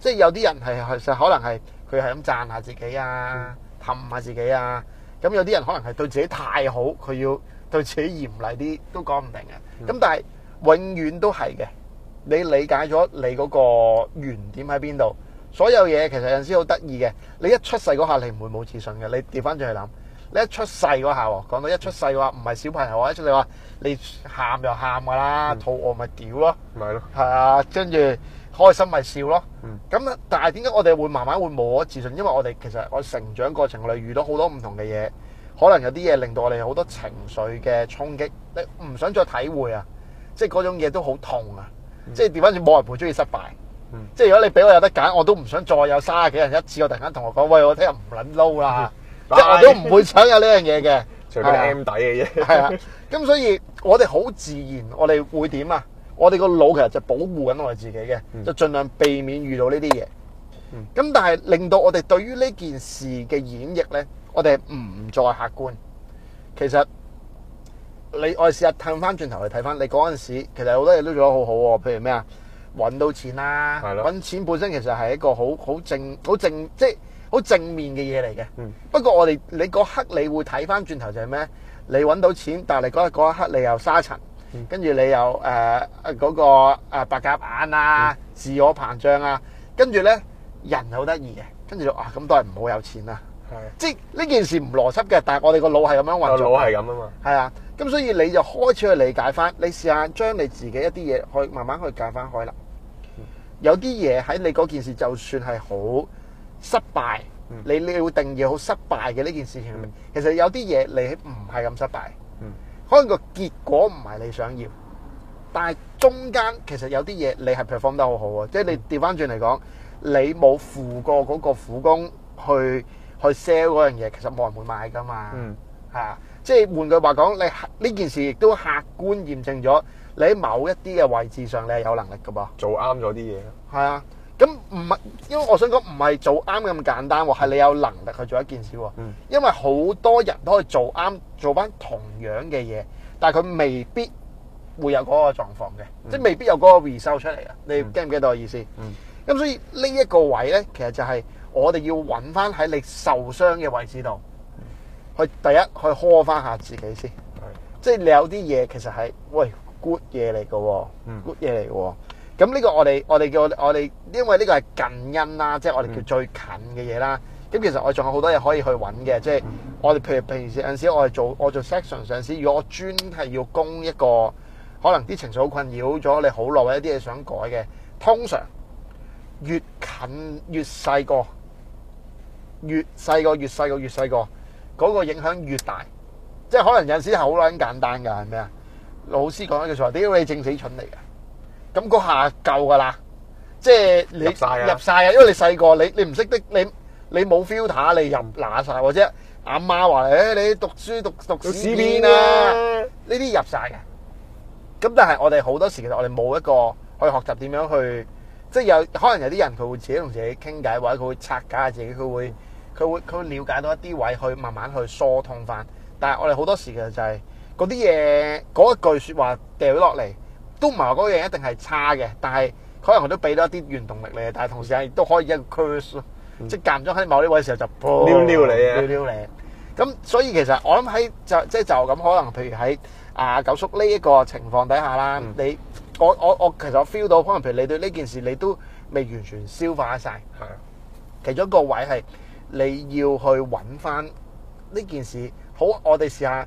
即係有啲人係係實可能係佢係咁讚下自己啊，氹下、嗯、自己啊，咁有啲人可能係對自己太好，佢要對自己嚴厲啲都講唔定嘅。咁、嗯、但係永遠都係嘅，你理解咗你嗰個原點喺邊度？所有嘢其實有陣時好得意嘅，你一出世嗰下你唔會冇自信嘅。你調翻轉去諗，你一出世嗰下喎，講到一出世嘅話，唔係小朋友喎，一出嚟話你喊就喊噶啦，嗯、肚餓咪屌咯，係咯、嗯，係啊，跟住開心咪笑咯。咁、嗯、但係點解我哋會慢慢會冇咗自信？因為我哋其實我成長過程裏遇到好多唔同嘅嘢，可能有啲嘢令到我哋好多情緒嘅衝擊，你唔想再體會啊，即係嗰種嘢都好痛啊，嗯嗯、即係調翻轉冇人會中意失敗。即係如果你俾我有得揀，我都唔想再有卅幾人一次我突然間同我講，喂，我聽日唔捻撈啦， 即係我都唔會想有呢樣嘢嘅， 除非你 M 底嘅啫。係 啊，咁所以我哋好自然，我哋會點啊？我哋個腦其實就保護緊我哋自己嘅，就盡量避免遇到呢啲嘢。咁 但係令到我哋對於呢件事嘅演繹咧，我哋唔再客觀。其實你我哋試下褪翻轉頭去睇翻，你嗰陣時其實好多嘢都做得好好喎，譬如咩啊？揾到錢啦，揾的錢本身其實係一個好好正、好正、即係好正面嘅嘢嚟嘅。嗯、不過我哋你嗰刻，你會睇翻轉頭就係咩？你揾到錢，但係你嗰一嗰一刻你又沙塵，跟住、嗯、你又誒嗰個白鴿眼啊，嗯、自我膨脹啊，跟住咧人好得意嘅，跟住就啊咁都係唔好有錢啦、啊。的即係呢件事唔邏輯嘅，但係我哋個腦係咁樣運。個腦係咁啊嘛。係啊，咁所以你就開始去理解翻，你試，試，試下將你自己一啲嘢去慢慢去解翻開啦。慢慢有啲嘢喺你嗰件事，就算係好失敗，嗯、你你會定義好失敗嘅呢件事情裏面，嗯、其實有啲嘢你唔係咁失敗，嗯、可能個結果唔係你想要，但係中間其實有啲嘢你係 perform 得好好喎，嗯、即係你調翻轉嚟講，你冇付過嗰個苦工去去 sell 嗰樣嘢，其實冇人會買噶嘛，嚇、嗯，即係換句話講，你呢件事亦都客觀驗證咗。你喺某一啲嘅位置上，你係有能力嘅噃，做啱咗啲嘢。係啊，咁唔係，因為我想講唔係做啱咁簡單喎，係你有能力去做一件事喎。嗯、因為好多人都可以做啱做翻同樣嘅嘢，但係佢未必會有嗰個狀況嘅，嗯、即係未必有嗰個 result 出嚟啊。你記唔記到？我意思？嗯。咁、嗯、所以呢一個位咧，其實就係我哋要揾翻喺你受傷嘅位置度去，第一去呵翻下自己先。即係的你有啲嘢其實係喂。good 嘢嚟嘅喎，good 嘢嚟嘅喎。咁呢個我哋我哋叫我哋，因為呢個係近因啦，即係我哋叫最近嘅嘢啦。咁、嗯、其實我仲有好多嘢可以去揾嘅，即係我哋譬如平時有陣時我哋做我做 section 上司，如果我專係要供一個可能啲情緒好困擾咗，你好耐或一啲嘢想改嘅，通常越近越細個，越細個越細個越細個，嗰個影響越大。即係可能有陣時係好簡單噶，係咩啊？老師講一句說話：屌你正死蠢嚟噶！咁嗰下夠噶啦，即係你入晒啊，因為你細個，你你唔識得，你你冇 filter，你又唔嗱曬嘅啫。或者阿媽話：誒、欸，你讀書讀讀史編啊，呢啲、啊、入晒嘅。咁但係我哋好多時其實我哋冇一個去學習點樣去，即係有可能有啲人佢會自己同自己傾偈，或者佢會拆解下自己，佢會佢會佢會瞭解到一啲位去慢慢去疏通翻。但係我哋好多時其實就係、是。嗰啲嘢，嗰一句説話掉落嚟，都唔係話嗰樣一定係差嘅。但係可能都俾到啲原動力嚟。但係同時係亦都可以一個 curse 咯、嗯，即係間咗喺某啲位時候就撩撩你啊，撩撩你。咁所以其實我諗喺就即係就咁可能，譬如喺阿九叔呢一個情況底下啦，嗯、你我我我其實我 feel 到，可能譬如你對呢件事你都未完全消化晒。係的其中一個位係你要去揾翻呢件事。好，我哋試下。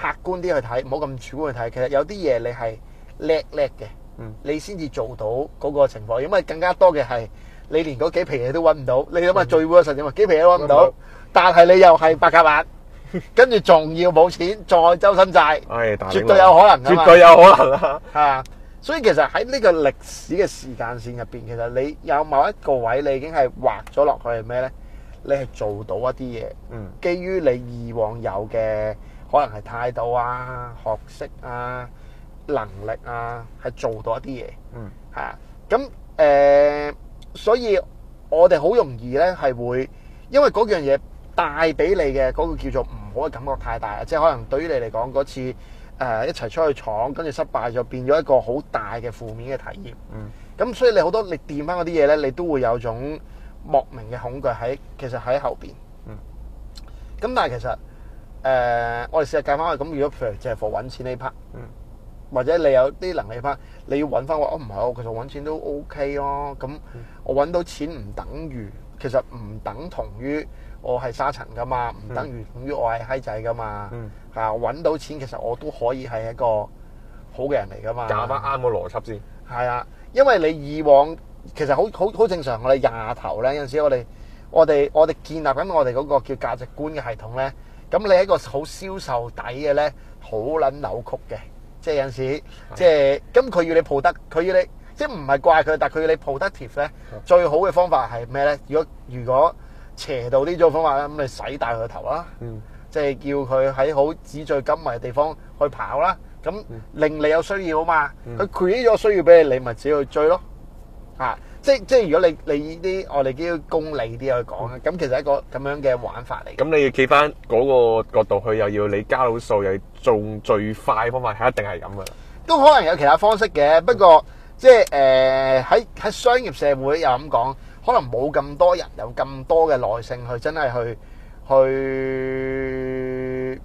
客觀啲去睇，唔好咁主觀去睇。其實有啲嘢你係叻叻嘅，嗯，你先至做到嗰個情況。因為更加多嘅係你連嗰幾皮嘢都搵唔到，你諗下最壞嗰陣點啊？幾皮嘢搵唔到，但係你又係八加八，跟住仲要冇錢，再周身債，係絕對有可能噶嘛？絕對有可能啊！吓，所以其實喺呢個歷史嘅時間線入邊，其實你有某一個位，你已經係畫咗落去係咩咧？你係做到一啲嘢，嗯，基於你以往有嘅。可能係態度啊、學識啊、能力啊，係做到一啲嘢。嗯，係啊。咁誒，所以我哋好容易咧，係會因為嗰樣嘢帶俾你嘅嗰個叫做唔好嘅感覺太大啦。即係可能對於你嚟講，嗰次誒一齊出去闖，跟住失敗咗，變咗一個好大嘅負面嘅體驗。嗯。咁所以你好多你掂翻嗰啲嘢咧，你都會有種莫名嘅恐懼喺，其實喺後邊。嗯。咁但係其實。誒，嗯、我哋試下計翻去。咁如果譬如淨係放揾錢呢 part，或者你有啲能力 part，你要揾翻我。哦，唔係我其實揾錢都 OK 咯。咁我揾到錢唔等於，其實唔等同於我係沙塵噶嘛，唔等於等於我係閪仔噶嘛。嗯、啊，揾到錢其實我都可以係一個好嘅人嚟噶嘛。夾翻啱個邏輯先係啊，因為你以往其實好好好正常。我哋廿頭咧，有陣時我哋我哋我哋建立緊我哋嗰個叫價值觀嘅系統咧。咁你係一個好銷售底嘅咧，好撚扭曲嘅，即係有陣時即係咁佢要你抱得佢要你即係唔係怪佢，但係佢要你抱得貼咧。最好嘅方法係咩咧？如果如果邪道呢種方法咧，咁你洗大佢個頭啦，嗯、即係叫佢喺好紙醉金迷嘅地方去跑啦。咁令你有需要嘛？佢權咗需要俾你，你咪自己去追咯，嚇。即即係如果你你啲我哋叫公理啲去講啦，咁、嗯、其實一個咁樣嘅玩法嚟。咁你要企翻嗰個角度去，又要你加老數，又要做最快方法，係一定係咁噶啦。都可能有其他方式嘅，不過即係誒喺喺商業社會又咁講，可能冇咁多人有咁多嘅耐性去真係去去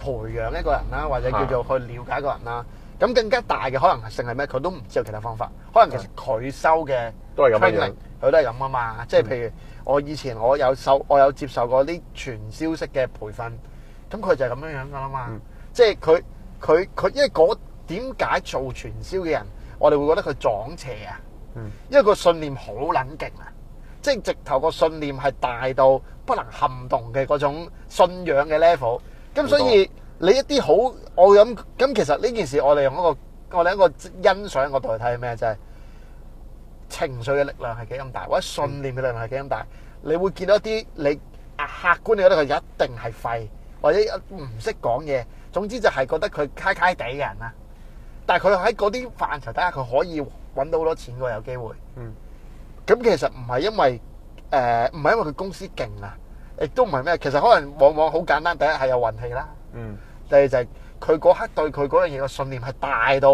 培養一個人啦，或者叫做去了解一個人啦。咁更加大嘅可能性係咩？佢都唔知有其他方法。可能其實佢收嘅。都係有佢都係咁噶嘛。即係譬如我以前我有受，我有接受過啲傳銷式嘅培訓，咁佢就係咁樣樣噶啦嘛。嗯、即係佢佢佢，因為嗰點解做傳銷嘅人，我哋會覺得佢撞邪啊。嗯、因為個信念好冷勁啊，即係直頭個信念係大到不能撼動嘅嗰種信仰嘅 level 多。咁所以你一啲好，我諗咁，其實呢件事我哋用一個我哋一,一個欣賞角度嚟睇咩就係。情緒嘅力量係幾咁大，或者信念嘅力量係幾咁大，嗯、你會見到一啲你客觀你覺得佢一定係廢，或者唔識講嘢，總之就係覺得佢呆呆地嘅人啦。但係佢喺嗰啲範疇底下，佢可以搵到好多錢嘅，有機會。嗯。咁其實唔係因為誒，唔係因為佢公司勁啊，亦都唔係咩。其實可能往往好簡單，第一係有運氣啦。嗯。第二就係佢嗰刻對佢嗰樣嘢嘅信念係大到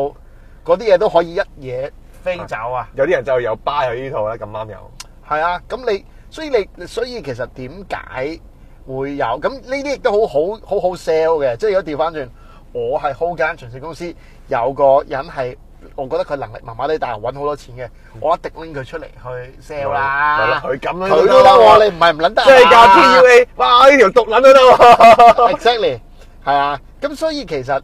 嗰啲嘢都可以一嘢。飛走啊！有啲人就又 buy 喺呢套咧，咁啱又係啊！咁你所以你所以其實點解會有咁呢啲亦都好好好好 sell 嘅，即係如果調翻轉，我係 hold 間上市公司，有個人係，我覺得佢能力麻麻地，但係揾好多錢嘅，我一定拎佢出嚟去 sell 啦。佢咁樣都得喎，你唔係唔撚得啊？即係教 P U A，哇！呢條毒撚喺度，exactly 係啊！咁所以其實。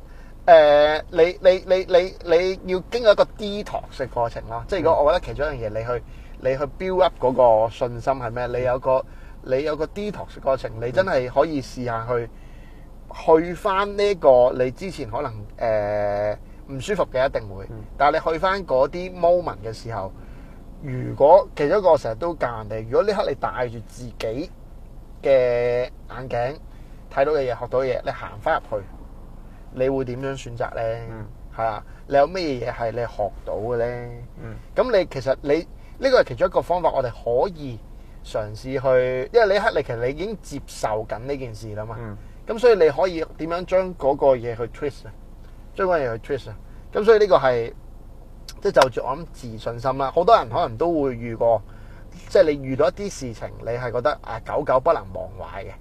誒、呃，你你你你你要經過一個 detox 嘅過程咯，即係、嗯、如果我覺得其中一樣嘢，你去你去 build up 嗰個信心係咩、嗯？你有個你有個 detox 過程，嗯、你真係可以試下去去翻呢個你之前可能誒唔、呃、舒服嘅，一定會。嗯、但係你去翻嗰啲 moment 嘅時候，如果其中一個我成日都教人哋，如果呢刻你戴住自己嘅眼鏡睇到嘅嘢，學到嘅嘢，你行翻入去。你會點樣選擇呢？係啦，你有咩嘢嘢係你學到嘅呢？咁、mm. 你其實你呢個係其中一個方法，我哋可以嘗試去，因為你克力其實你已經接受緊呢件事啦嘛。咁、mm. 所以你可以點樣將嗰個嘢去 twist 啊？將嗰個嘢去 twist 啊？咁所以呢個係即係就住、是、我諗自信心啦。好多人可能都會遇過，即、就、係、是、你遇到一啲事情，你係覺得啊久久不能忘懷嘅。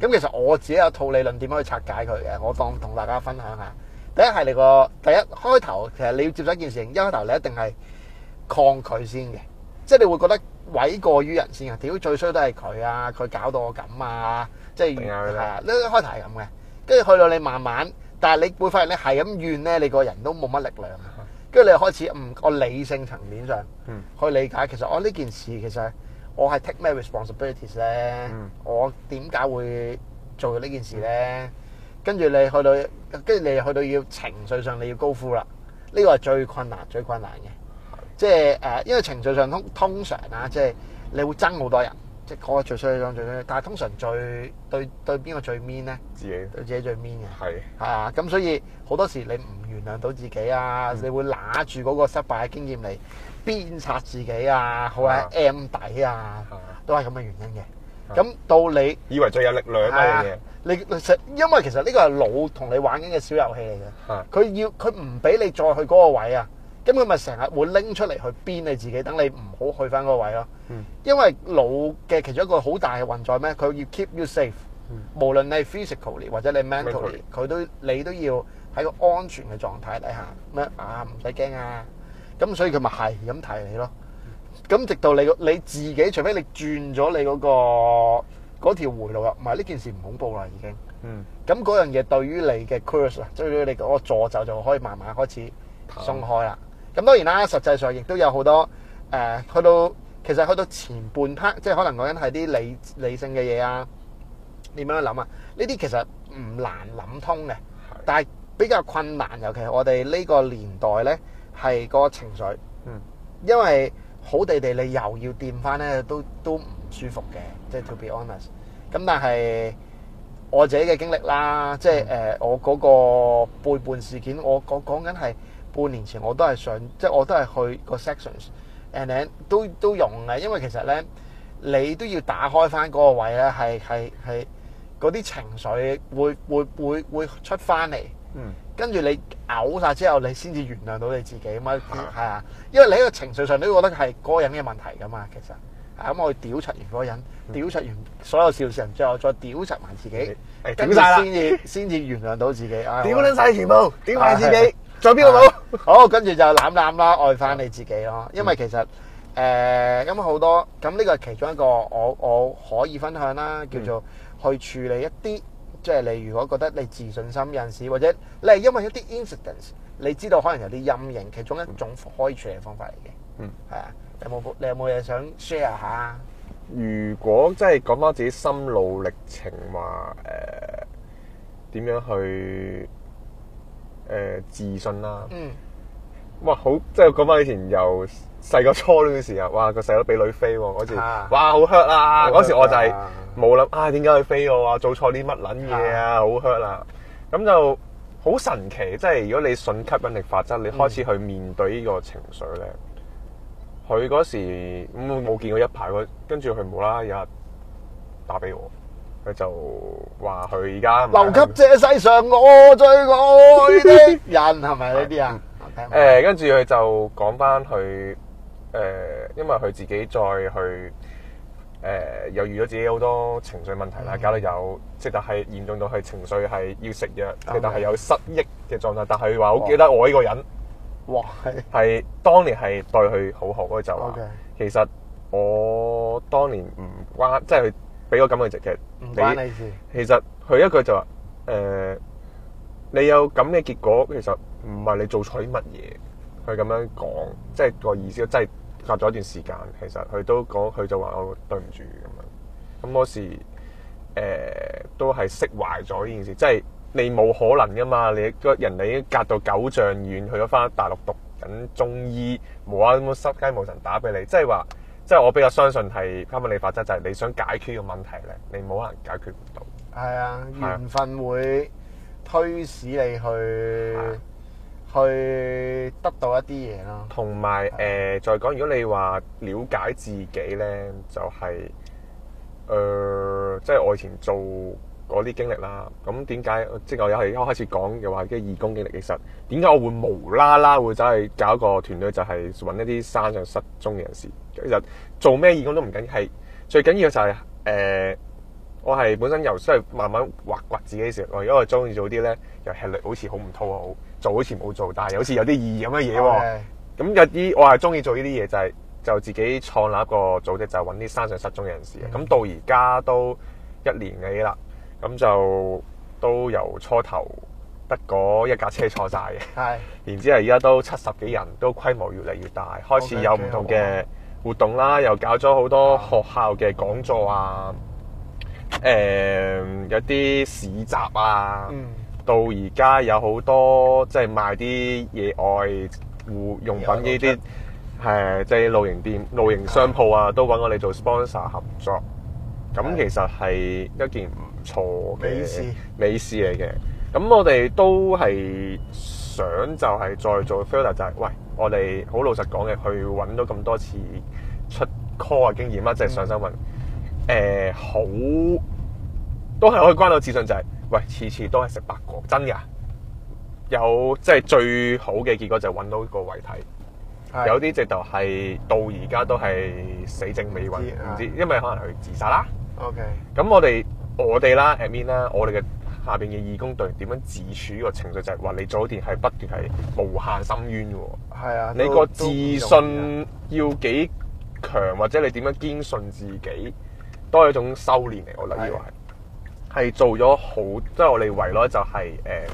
咁其實我自己有套理論點樣去拆解佢嘅，我當同大家分享下。第一係你個第一開頭，其實你要接受一件事情，一開頭你一定係抗拒先嘅，即係你會覺得委過於人先啊！屌最衰都係佢啊，佢搞到我咁啊！即係原來係啊，一、嗯、開頭係咁嘅，跟住去到你慢慢，但係你會發現你係咁怨咧，你個人都冇乜力量。跟住你又開始，唔個理性層面上，去理解其實我呢件事其實。我係 take 咩 responsibilities 咧？嗯、我點解會做呢件事咧？跟住、嗯、你去到，跟住你去到要情緒上你要高呼啦，呢個係最困難、最困難嘅。是的 即係誒、呃，因為情緒上通通常啊，即係你會爭好多人，即係講最衰嗰種最衰。但係通常最對對邊個最 mean 咧？自己對自己最 mean 嘅係啊，咁所以好多時你唔原諒到自己啊，你會拿住嗰個失敗嘅經驗嚟。嗯鞭策自己啊，好喺 M 底啊，啊都係咁嘅原因嘅。咁、啊、到你以為最有力量嗰嘢，啊，你因為其實呢個係腦同你玩緊嘅小遊戲嚟嘅。佢要佢唔俾你再去嗰個位啊，咁佢咪成日會拎出嚟去鞭你自己，等你唔好去翻嗰個位咯。嗯、因為腦嘅其中一個好大嘅運在咩、嗯？佢要 keep you safe，無論你 physically 或者你 mentally，佢 mentally. 都你都要喺個安全嘅狀態底下咩啊？唔使驚啊！咁所以佢咪係咁提你咯？咁直到你你自己，除非你轉咗你嗰、嗰個嗰條回路啦，唔係呢件事唔恐怖啦，已經。嗯。咁嗰樣嘢對於你嘅 courage 啊，即係你嗰個助就就可以慢慢開始鬆開啦。咁、嗯、當然啦，實際上亦都有好多誒，去、呃、到其實去到前半 part，即係可能講緊係啲理理性嘅嘢啊，點樣諗啊？呢啲其實唔難諗通嘅，的但係比較困難，尤其係我哋呢個年代咧。係個情緒，嗯，因為好地地你又要掂翻咧，都都唔舒服嘅，即係 to be honest。咁但係我自己嘅經歷啦，即係誒、嗯呃，我嗰個背叛事件，我講講緊係半年前，我都係想，即、就、係、是、我都係去個 sections and then 都都用嘅，因為其實咧，你都要打開翻嗰個位咧，係係係嗰啲情緒會會會會,會出翻嚟，嗯。跟住你嘔晒之後，你先至原諒到你自己嘛？係啊，因為你喺個情緒上都覺得係嗰個人嘅問題㗎嘛，其實，咁我屌柒完嗰人，屌柒完所有笑事人之後，再屌柒埋自己，屌晒啦，先至先至原諒到自己，屌捻晒全部，屌埋、啊、自己，啊、再邊個冇？好，跟住就攬攬啦，愛翻你自己咯，因為其實，誒、呃，咁好多，咁呢個係其中一個我我可以分享啦，叫做去處理一啲。即係你如果覺得你自信心有陣時，或者你係因為一啲 incident，你知道可能有啲陰影，其中一種可以處理嘅方法嚟嘅。嗯，係啊，你有冇你有冇嘢想 share 下？如果真係講翻自己心路歷程話，話誒點樣去誒、呃、自信啦？嗯，哇，好即係講翻以前又。細個初戀嘅時候，哇個細佬俾女飛喎，嗰時哇好 hurt 啊！嗰時我就係冇諗，啊點解佢飛我啊？做錯啲乜撚嘢啊？好 hurt 啊！咁就好神奇，即係如果你信吸引力法則，你開始去面對呢個情緒咧，佢嗰時冇見過一排，跟住佢冇啦又打俾我，佢就話佢而家留給這世上我最愛的人係咪呢啲啊？誒，跟住佢就講翻佢。誒，因為佢自己再去誒、呃，又遇咗自己好多情緒問題啦，搞到有即但係嚴重到佢情緒係要食藥，嗯、但係有失憶嘅狀態。但係話好記得我呢個人，哇，係，係當年係對佢好好，就話、嗯、其實我當年唔關，即係佢俾咗咁嘅直劇，唔關你事。你其實佢一句就話誒、呃，你有咁嘅結果，其實唔係你做錯啲乜嘢，佢咁樣講，即係個意思，即係。隔咗一段時間，其實佢都講，佢就話：我對唔住咁樣。咁嗰時，呃、都係釋懷咗呢件事。即係你冇可能噶嘛，你個人哋已經隔到九丈遠，去咗返大陸讀緊中醫，冇啊咁樣失驚無神打俾你。即係話，即係我比較相信係根本理法則，就係你想解決嘅問題咧，你冇可能解決唔到。係啊，緣分會推使你去、啊。去得到一啲嘢咯，同埋誒再講。如果你話了解自己咧，就係、是、誒、呃，即係我以前做嗰啲經歷啦。咁點解即係我又係一開始講嘅話嘅義工經歷？其實點解我會無啦啦會走去搞個團隊，就係、是、揾一啲山上失蹤嘅人士。其實做咩義工都唔緊要，係最緊要就係誒，我係本身由即係慢慢挖掘自己嘅時候，我如果我中意做啲咧又係好似好唔討好。做好似冇做，但係好似有啲意義咁嘅嘢喎。咁 Okay. 有啲我係中意做呢啲嘢，就係、係、就自己創立一個組織，就揾、係、啲山上失蹤嘅人士。咁、嗯、到而家都一年幾啦，咁就都由初頭得嗰一架車坐晒。嘅是，係。然之後而家都七十幾人，都規模越嚟越大，開始有唔同嘅活動啦，okay, okay, 又搞咗好多學校嘅講座啊，誒、嗯嗯，有啲市集啊。嗯到而家有好多即係賣啲野外戶用品呢啲，誒即係露營、啊就是、店、露營商鋪啊，都揾我哋做 sponsor 合作。咁其實係一件唔錯嘅美事式，美事嚟嘅。咁我哋都係想就係再做 further 就係、是，喂，我哋好老實講嘅，去揾到咁多次出 call 嘅經驗啦，嗯、即係上想問，誒、呃、好，都係可以關到自信就係、是。喂，次次都係食白果，真噶？有即係最好嘅結果就係揾到個遺體，的有啲直頭係到而家都係死證未揾，唔知，知啊、因為可能佢自殺啦。OK，咁我哋我哋啦，admin 啦，我哋嘅下邊嘅義工隊員點樣自處呢個情緒？就係、是、話你左電係不斷係無限深淵嘅喎。係啊的，你個自信要幾強，或者你點樣堅信自己，都係一種修煉嚟。我諗呢個係。的係做咗好，即係我哋為咗就係、是、誒、呃，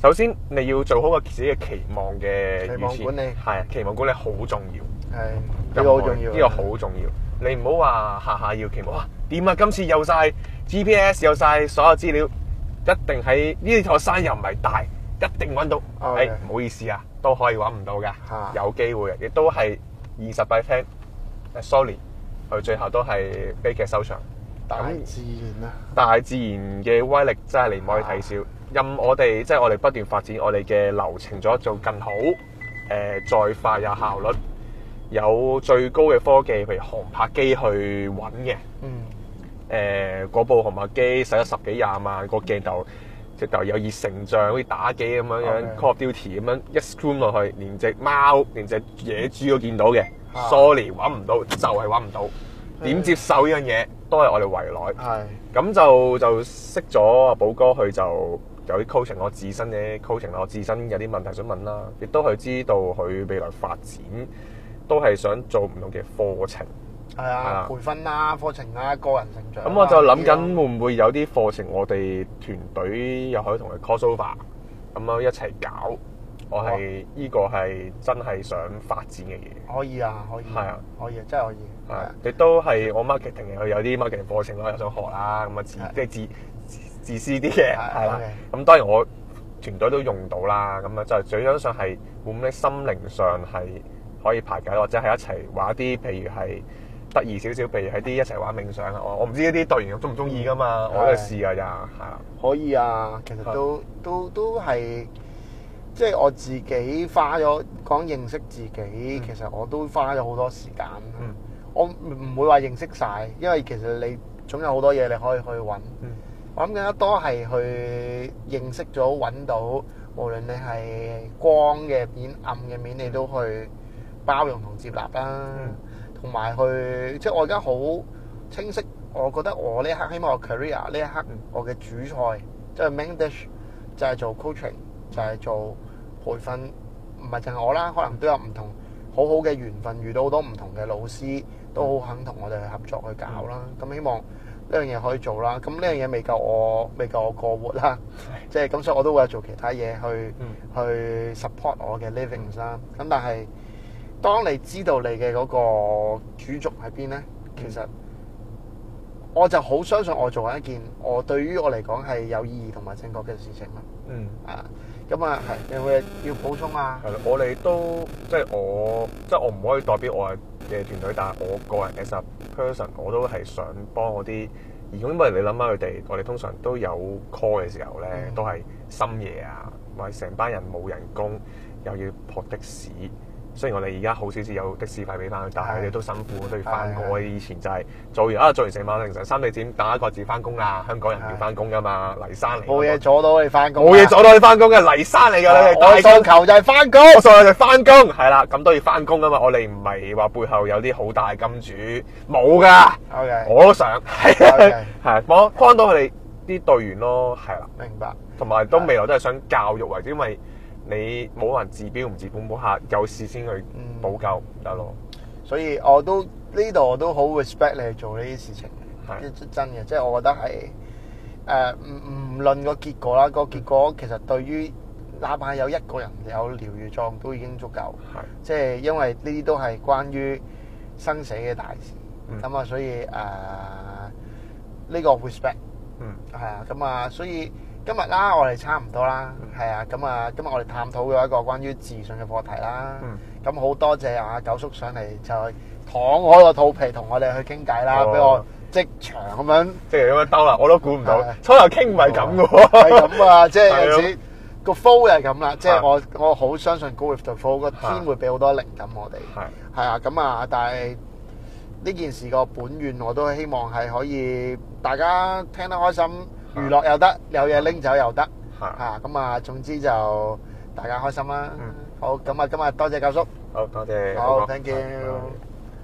首先你要做好個自己嘅期望嘅預設管理，係啊，期望管理好重要，係，呢個好重要，呢個好重要。的你唔好話下下要期望，點啊？今次有晒 GPS，有晒所有資料，一定喺呢啲座山又唔係大，一定搵到。誒 Okay.、欸，唔好意思啊，都可以搵唔到噶，啊、有機會，亦都係二十八 percent，sorry 去最後都係悲劇收場。大自然啦，大自然嘅威力真係嚟唔可以睇小，啊、任我哋即係我哋不斷發展我哋嘅流程咗，做更好。誒、呃，再快有效率，有最高嘅科技，譬如航拍機去揾嘅。嗯。誒、呃，嗰部航拍機使咗十幾廿萬，嗰個鏡頭直頭有熱成像，好似打機咁樣 Okay. 樣，Call of Duty 咁樣一 screen 落去，連隻貓、連隻野豬都見到嘅。啊、sorry，揾唔到就係揾唔到。點接受呢樣嘢都係我哋圍內，係咁的就就識咗啊寶哥，佢就有啲 coaching 我自身嘅 coaching 我自身有啲問題想問啦，亦都係知道佢未來發展都係想做唔同嘅課程，係啊的，的培訓啦、課程啦、個人成長。咁我就諗緊會唔會有啲課程，我哋團隊又可以同佢 call sofa，咁啊一齊搞。我係呢、哦、個係真係想發展嘅嘢。可以啊，可以，係啊，可以，啊，真係可以。啊！亦都係我 marketing 有有啲 marketing 課程，我又想學啦。咁啊，自即係自的自私啲嘅係啦。咁當然我團隊都用到啦。咁啊，就最緊要想係會唔會心靈上係可以排解，或者係一齊玩一啲，譬如係得意少少，譬如喺啲一齊玩冥想啊。我唔知呢啲隊員鍾唔鍾意噶嘛？嗯、我都試下咋，嚇。可以啊，其實都的都都係即係我自己花咗講認識自己，嗯、其實我都花咗好多時間。嗯我唔會話認識晒，因為其實你總有好多嘢你可以去揾。嗯、我諗更加多係去認識咗揾到，無論你係光嘅面、暗嘅面，你都去包容同接納啦。同埋、嗯、去，即係我而家好清晰，我覺得我呢一刻希望、er, 嗯，起碼我 career 呢一刻，我嘅主菜即係 main dish 就係、是、做 coaching，就係、是、做培訓。唔係淨係我啦，可能都有唔同好好嘅緣分，遇到好多唔同嘅老師。都好肯同我哋去合作去搞啦，咁、嗯、希望呢樣嘢可以做啦。咁呢樣嘢未夠我，未夠我過活啦，即係咁，所以我都會有做其他嘢去、嗯、去 support 我嘅 living 啦。咁但係當你知道你嘅嗰個主軸喺邊咧，其實我就好相信我做緊一件我對於我嚟講係有意義同埋正確嘅事情啦。嗯啊。咁 啊，係有冇嘢要補充啊？係咯，我哋都即係我即係我唔可以代表我嘅團隊，但係我個人嘅十 person，我都係想幫我啲員工。因為你諗下佢哋，我哋通常都有 call 嘅時候咧，都係深夜啊，或成班人冇人工，又要撲的士。 雖然我哋而家好少少有的士費俾翻，但係佢哋都辛苦，都要翻工。以前就係做完啊，做完成晚凌晨三四點打一個字翻工啊。香港人要翻工噶嘛，泥山嚟。冇嘢阻到你翻工，冇嘢阻到你翻工嘅泥山嚟噶，你哋訴求就係翻工，我上就翻工，係啦，咁都要翻工噶嘛。我哋唔係話背後有啲好大金主，冇噶。Okay。我都想係啊，我幫到佢哋啲隊員咯，係啦。明白。同埋都未來都係想教育為主，因為。你冇人治標唔治本，冇客，有事先去補救得咯。嗯、以所以我都呢度我都好 respect 你去做呢啲事情，的真嘅，即係我覺得係誒唔唔論結、個結果啦。個結果其實對於哪怕有一個人有療癒作用都已經足夠。係的，即係因為呢啲都係關於生死嘅大事，咁啊、嗯，所以誒呢、呃呢個 respect，嗯，係啊、嗯，咁啊，所以。所以今日啦，我哋差唔多啦，係啊，咁啊，今日我哋探討咗一個關於自信嘅課題啦。咁好多謝啊，九叔上嚟就躺開個肚皮同我哋去傾偈啦，俾我即場咁樣，即係咁樣兜啦，我都估唔到，初頭傾唔係咁嘅，係咁啊，即係有陣時個 flow 又係咁啦，即係我我好相信 go with the flow，個天會俾好多靈感我哋，係係啊，咁啊，但係呢件事個本願我都希望係可以大家聽得開心。娛樂又得，有嘢拎走又得，嚇的，咁啊，總之就大家開心啦。嗯、好，咁啊，今日多謝,謝教叔，好多謝，好,好 thank you，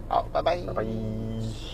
好，拜拜，好拜拜。拜拜拜拜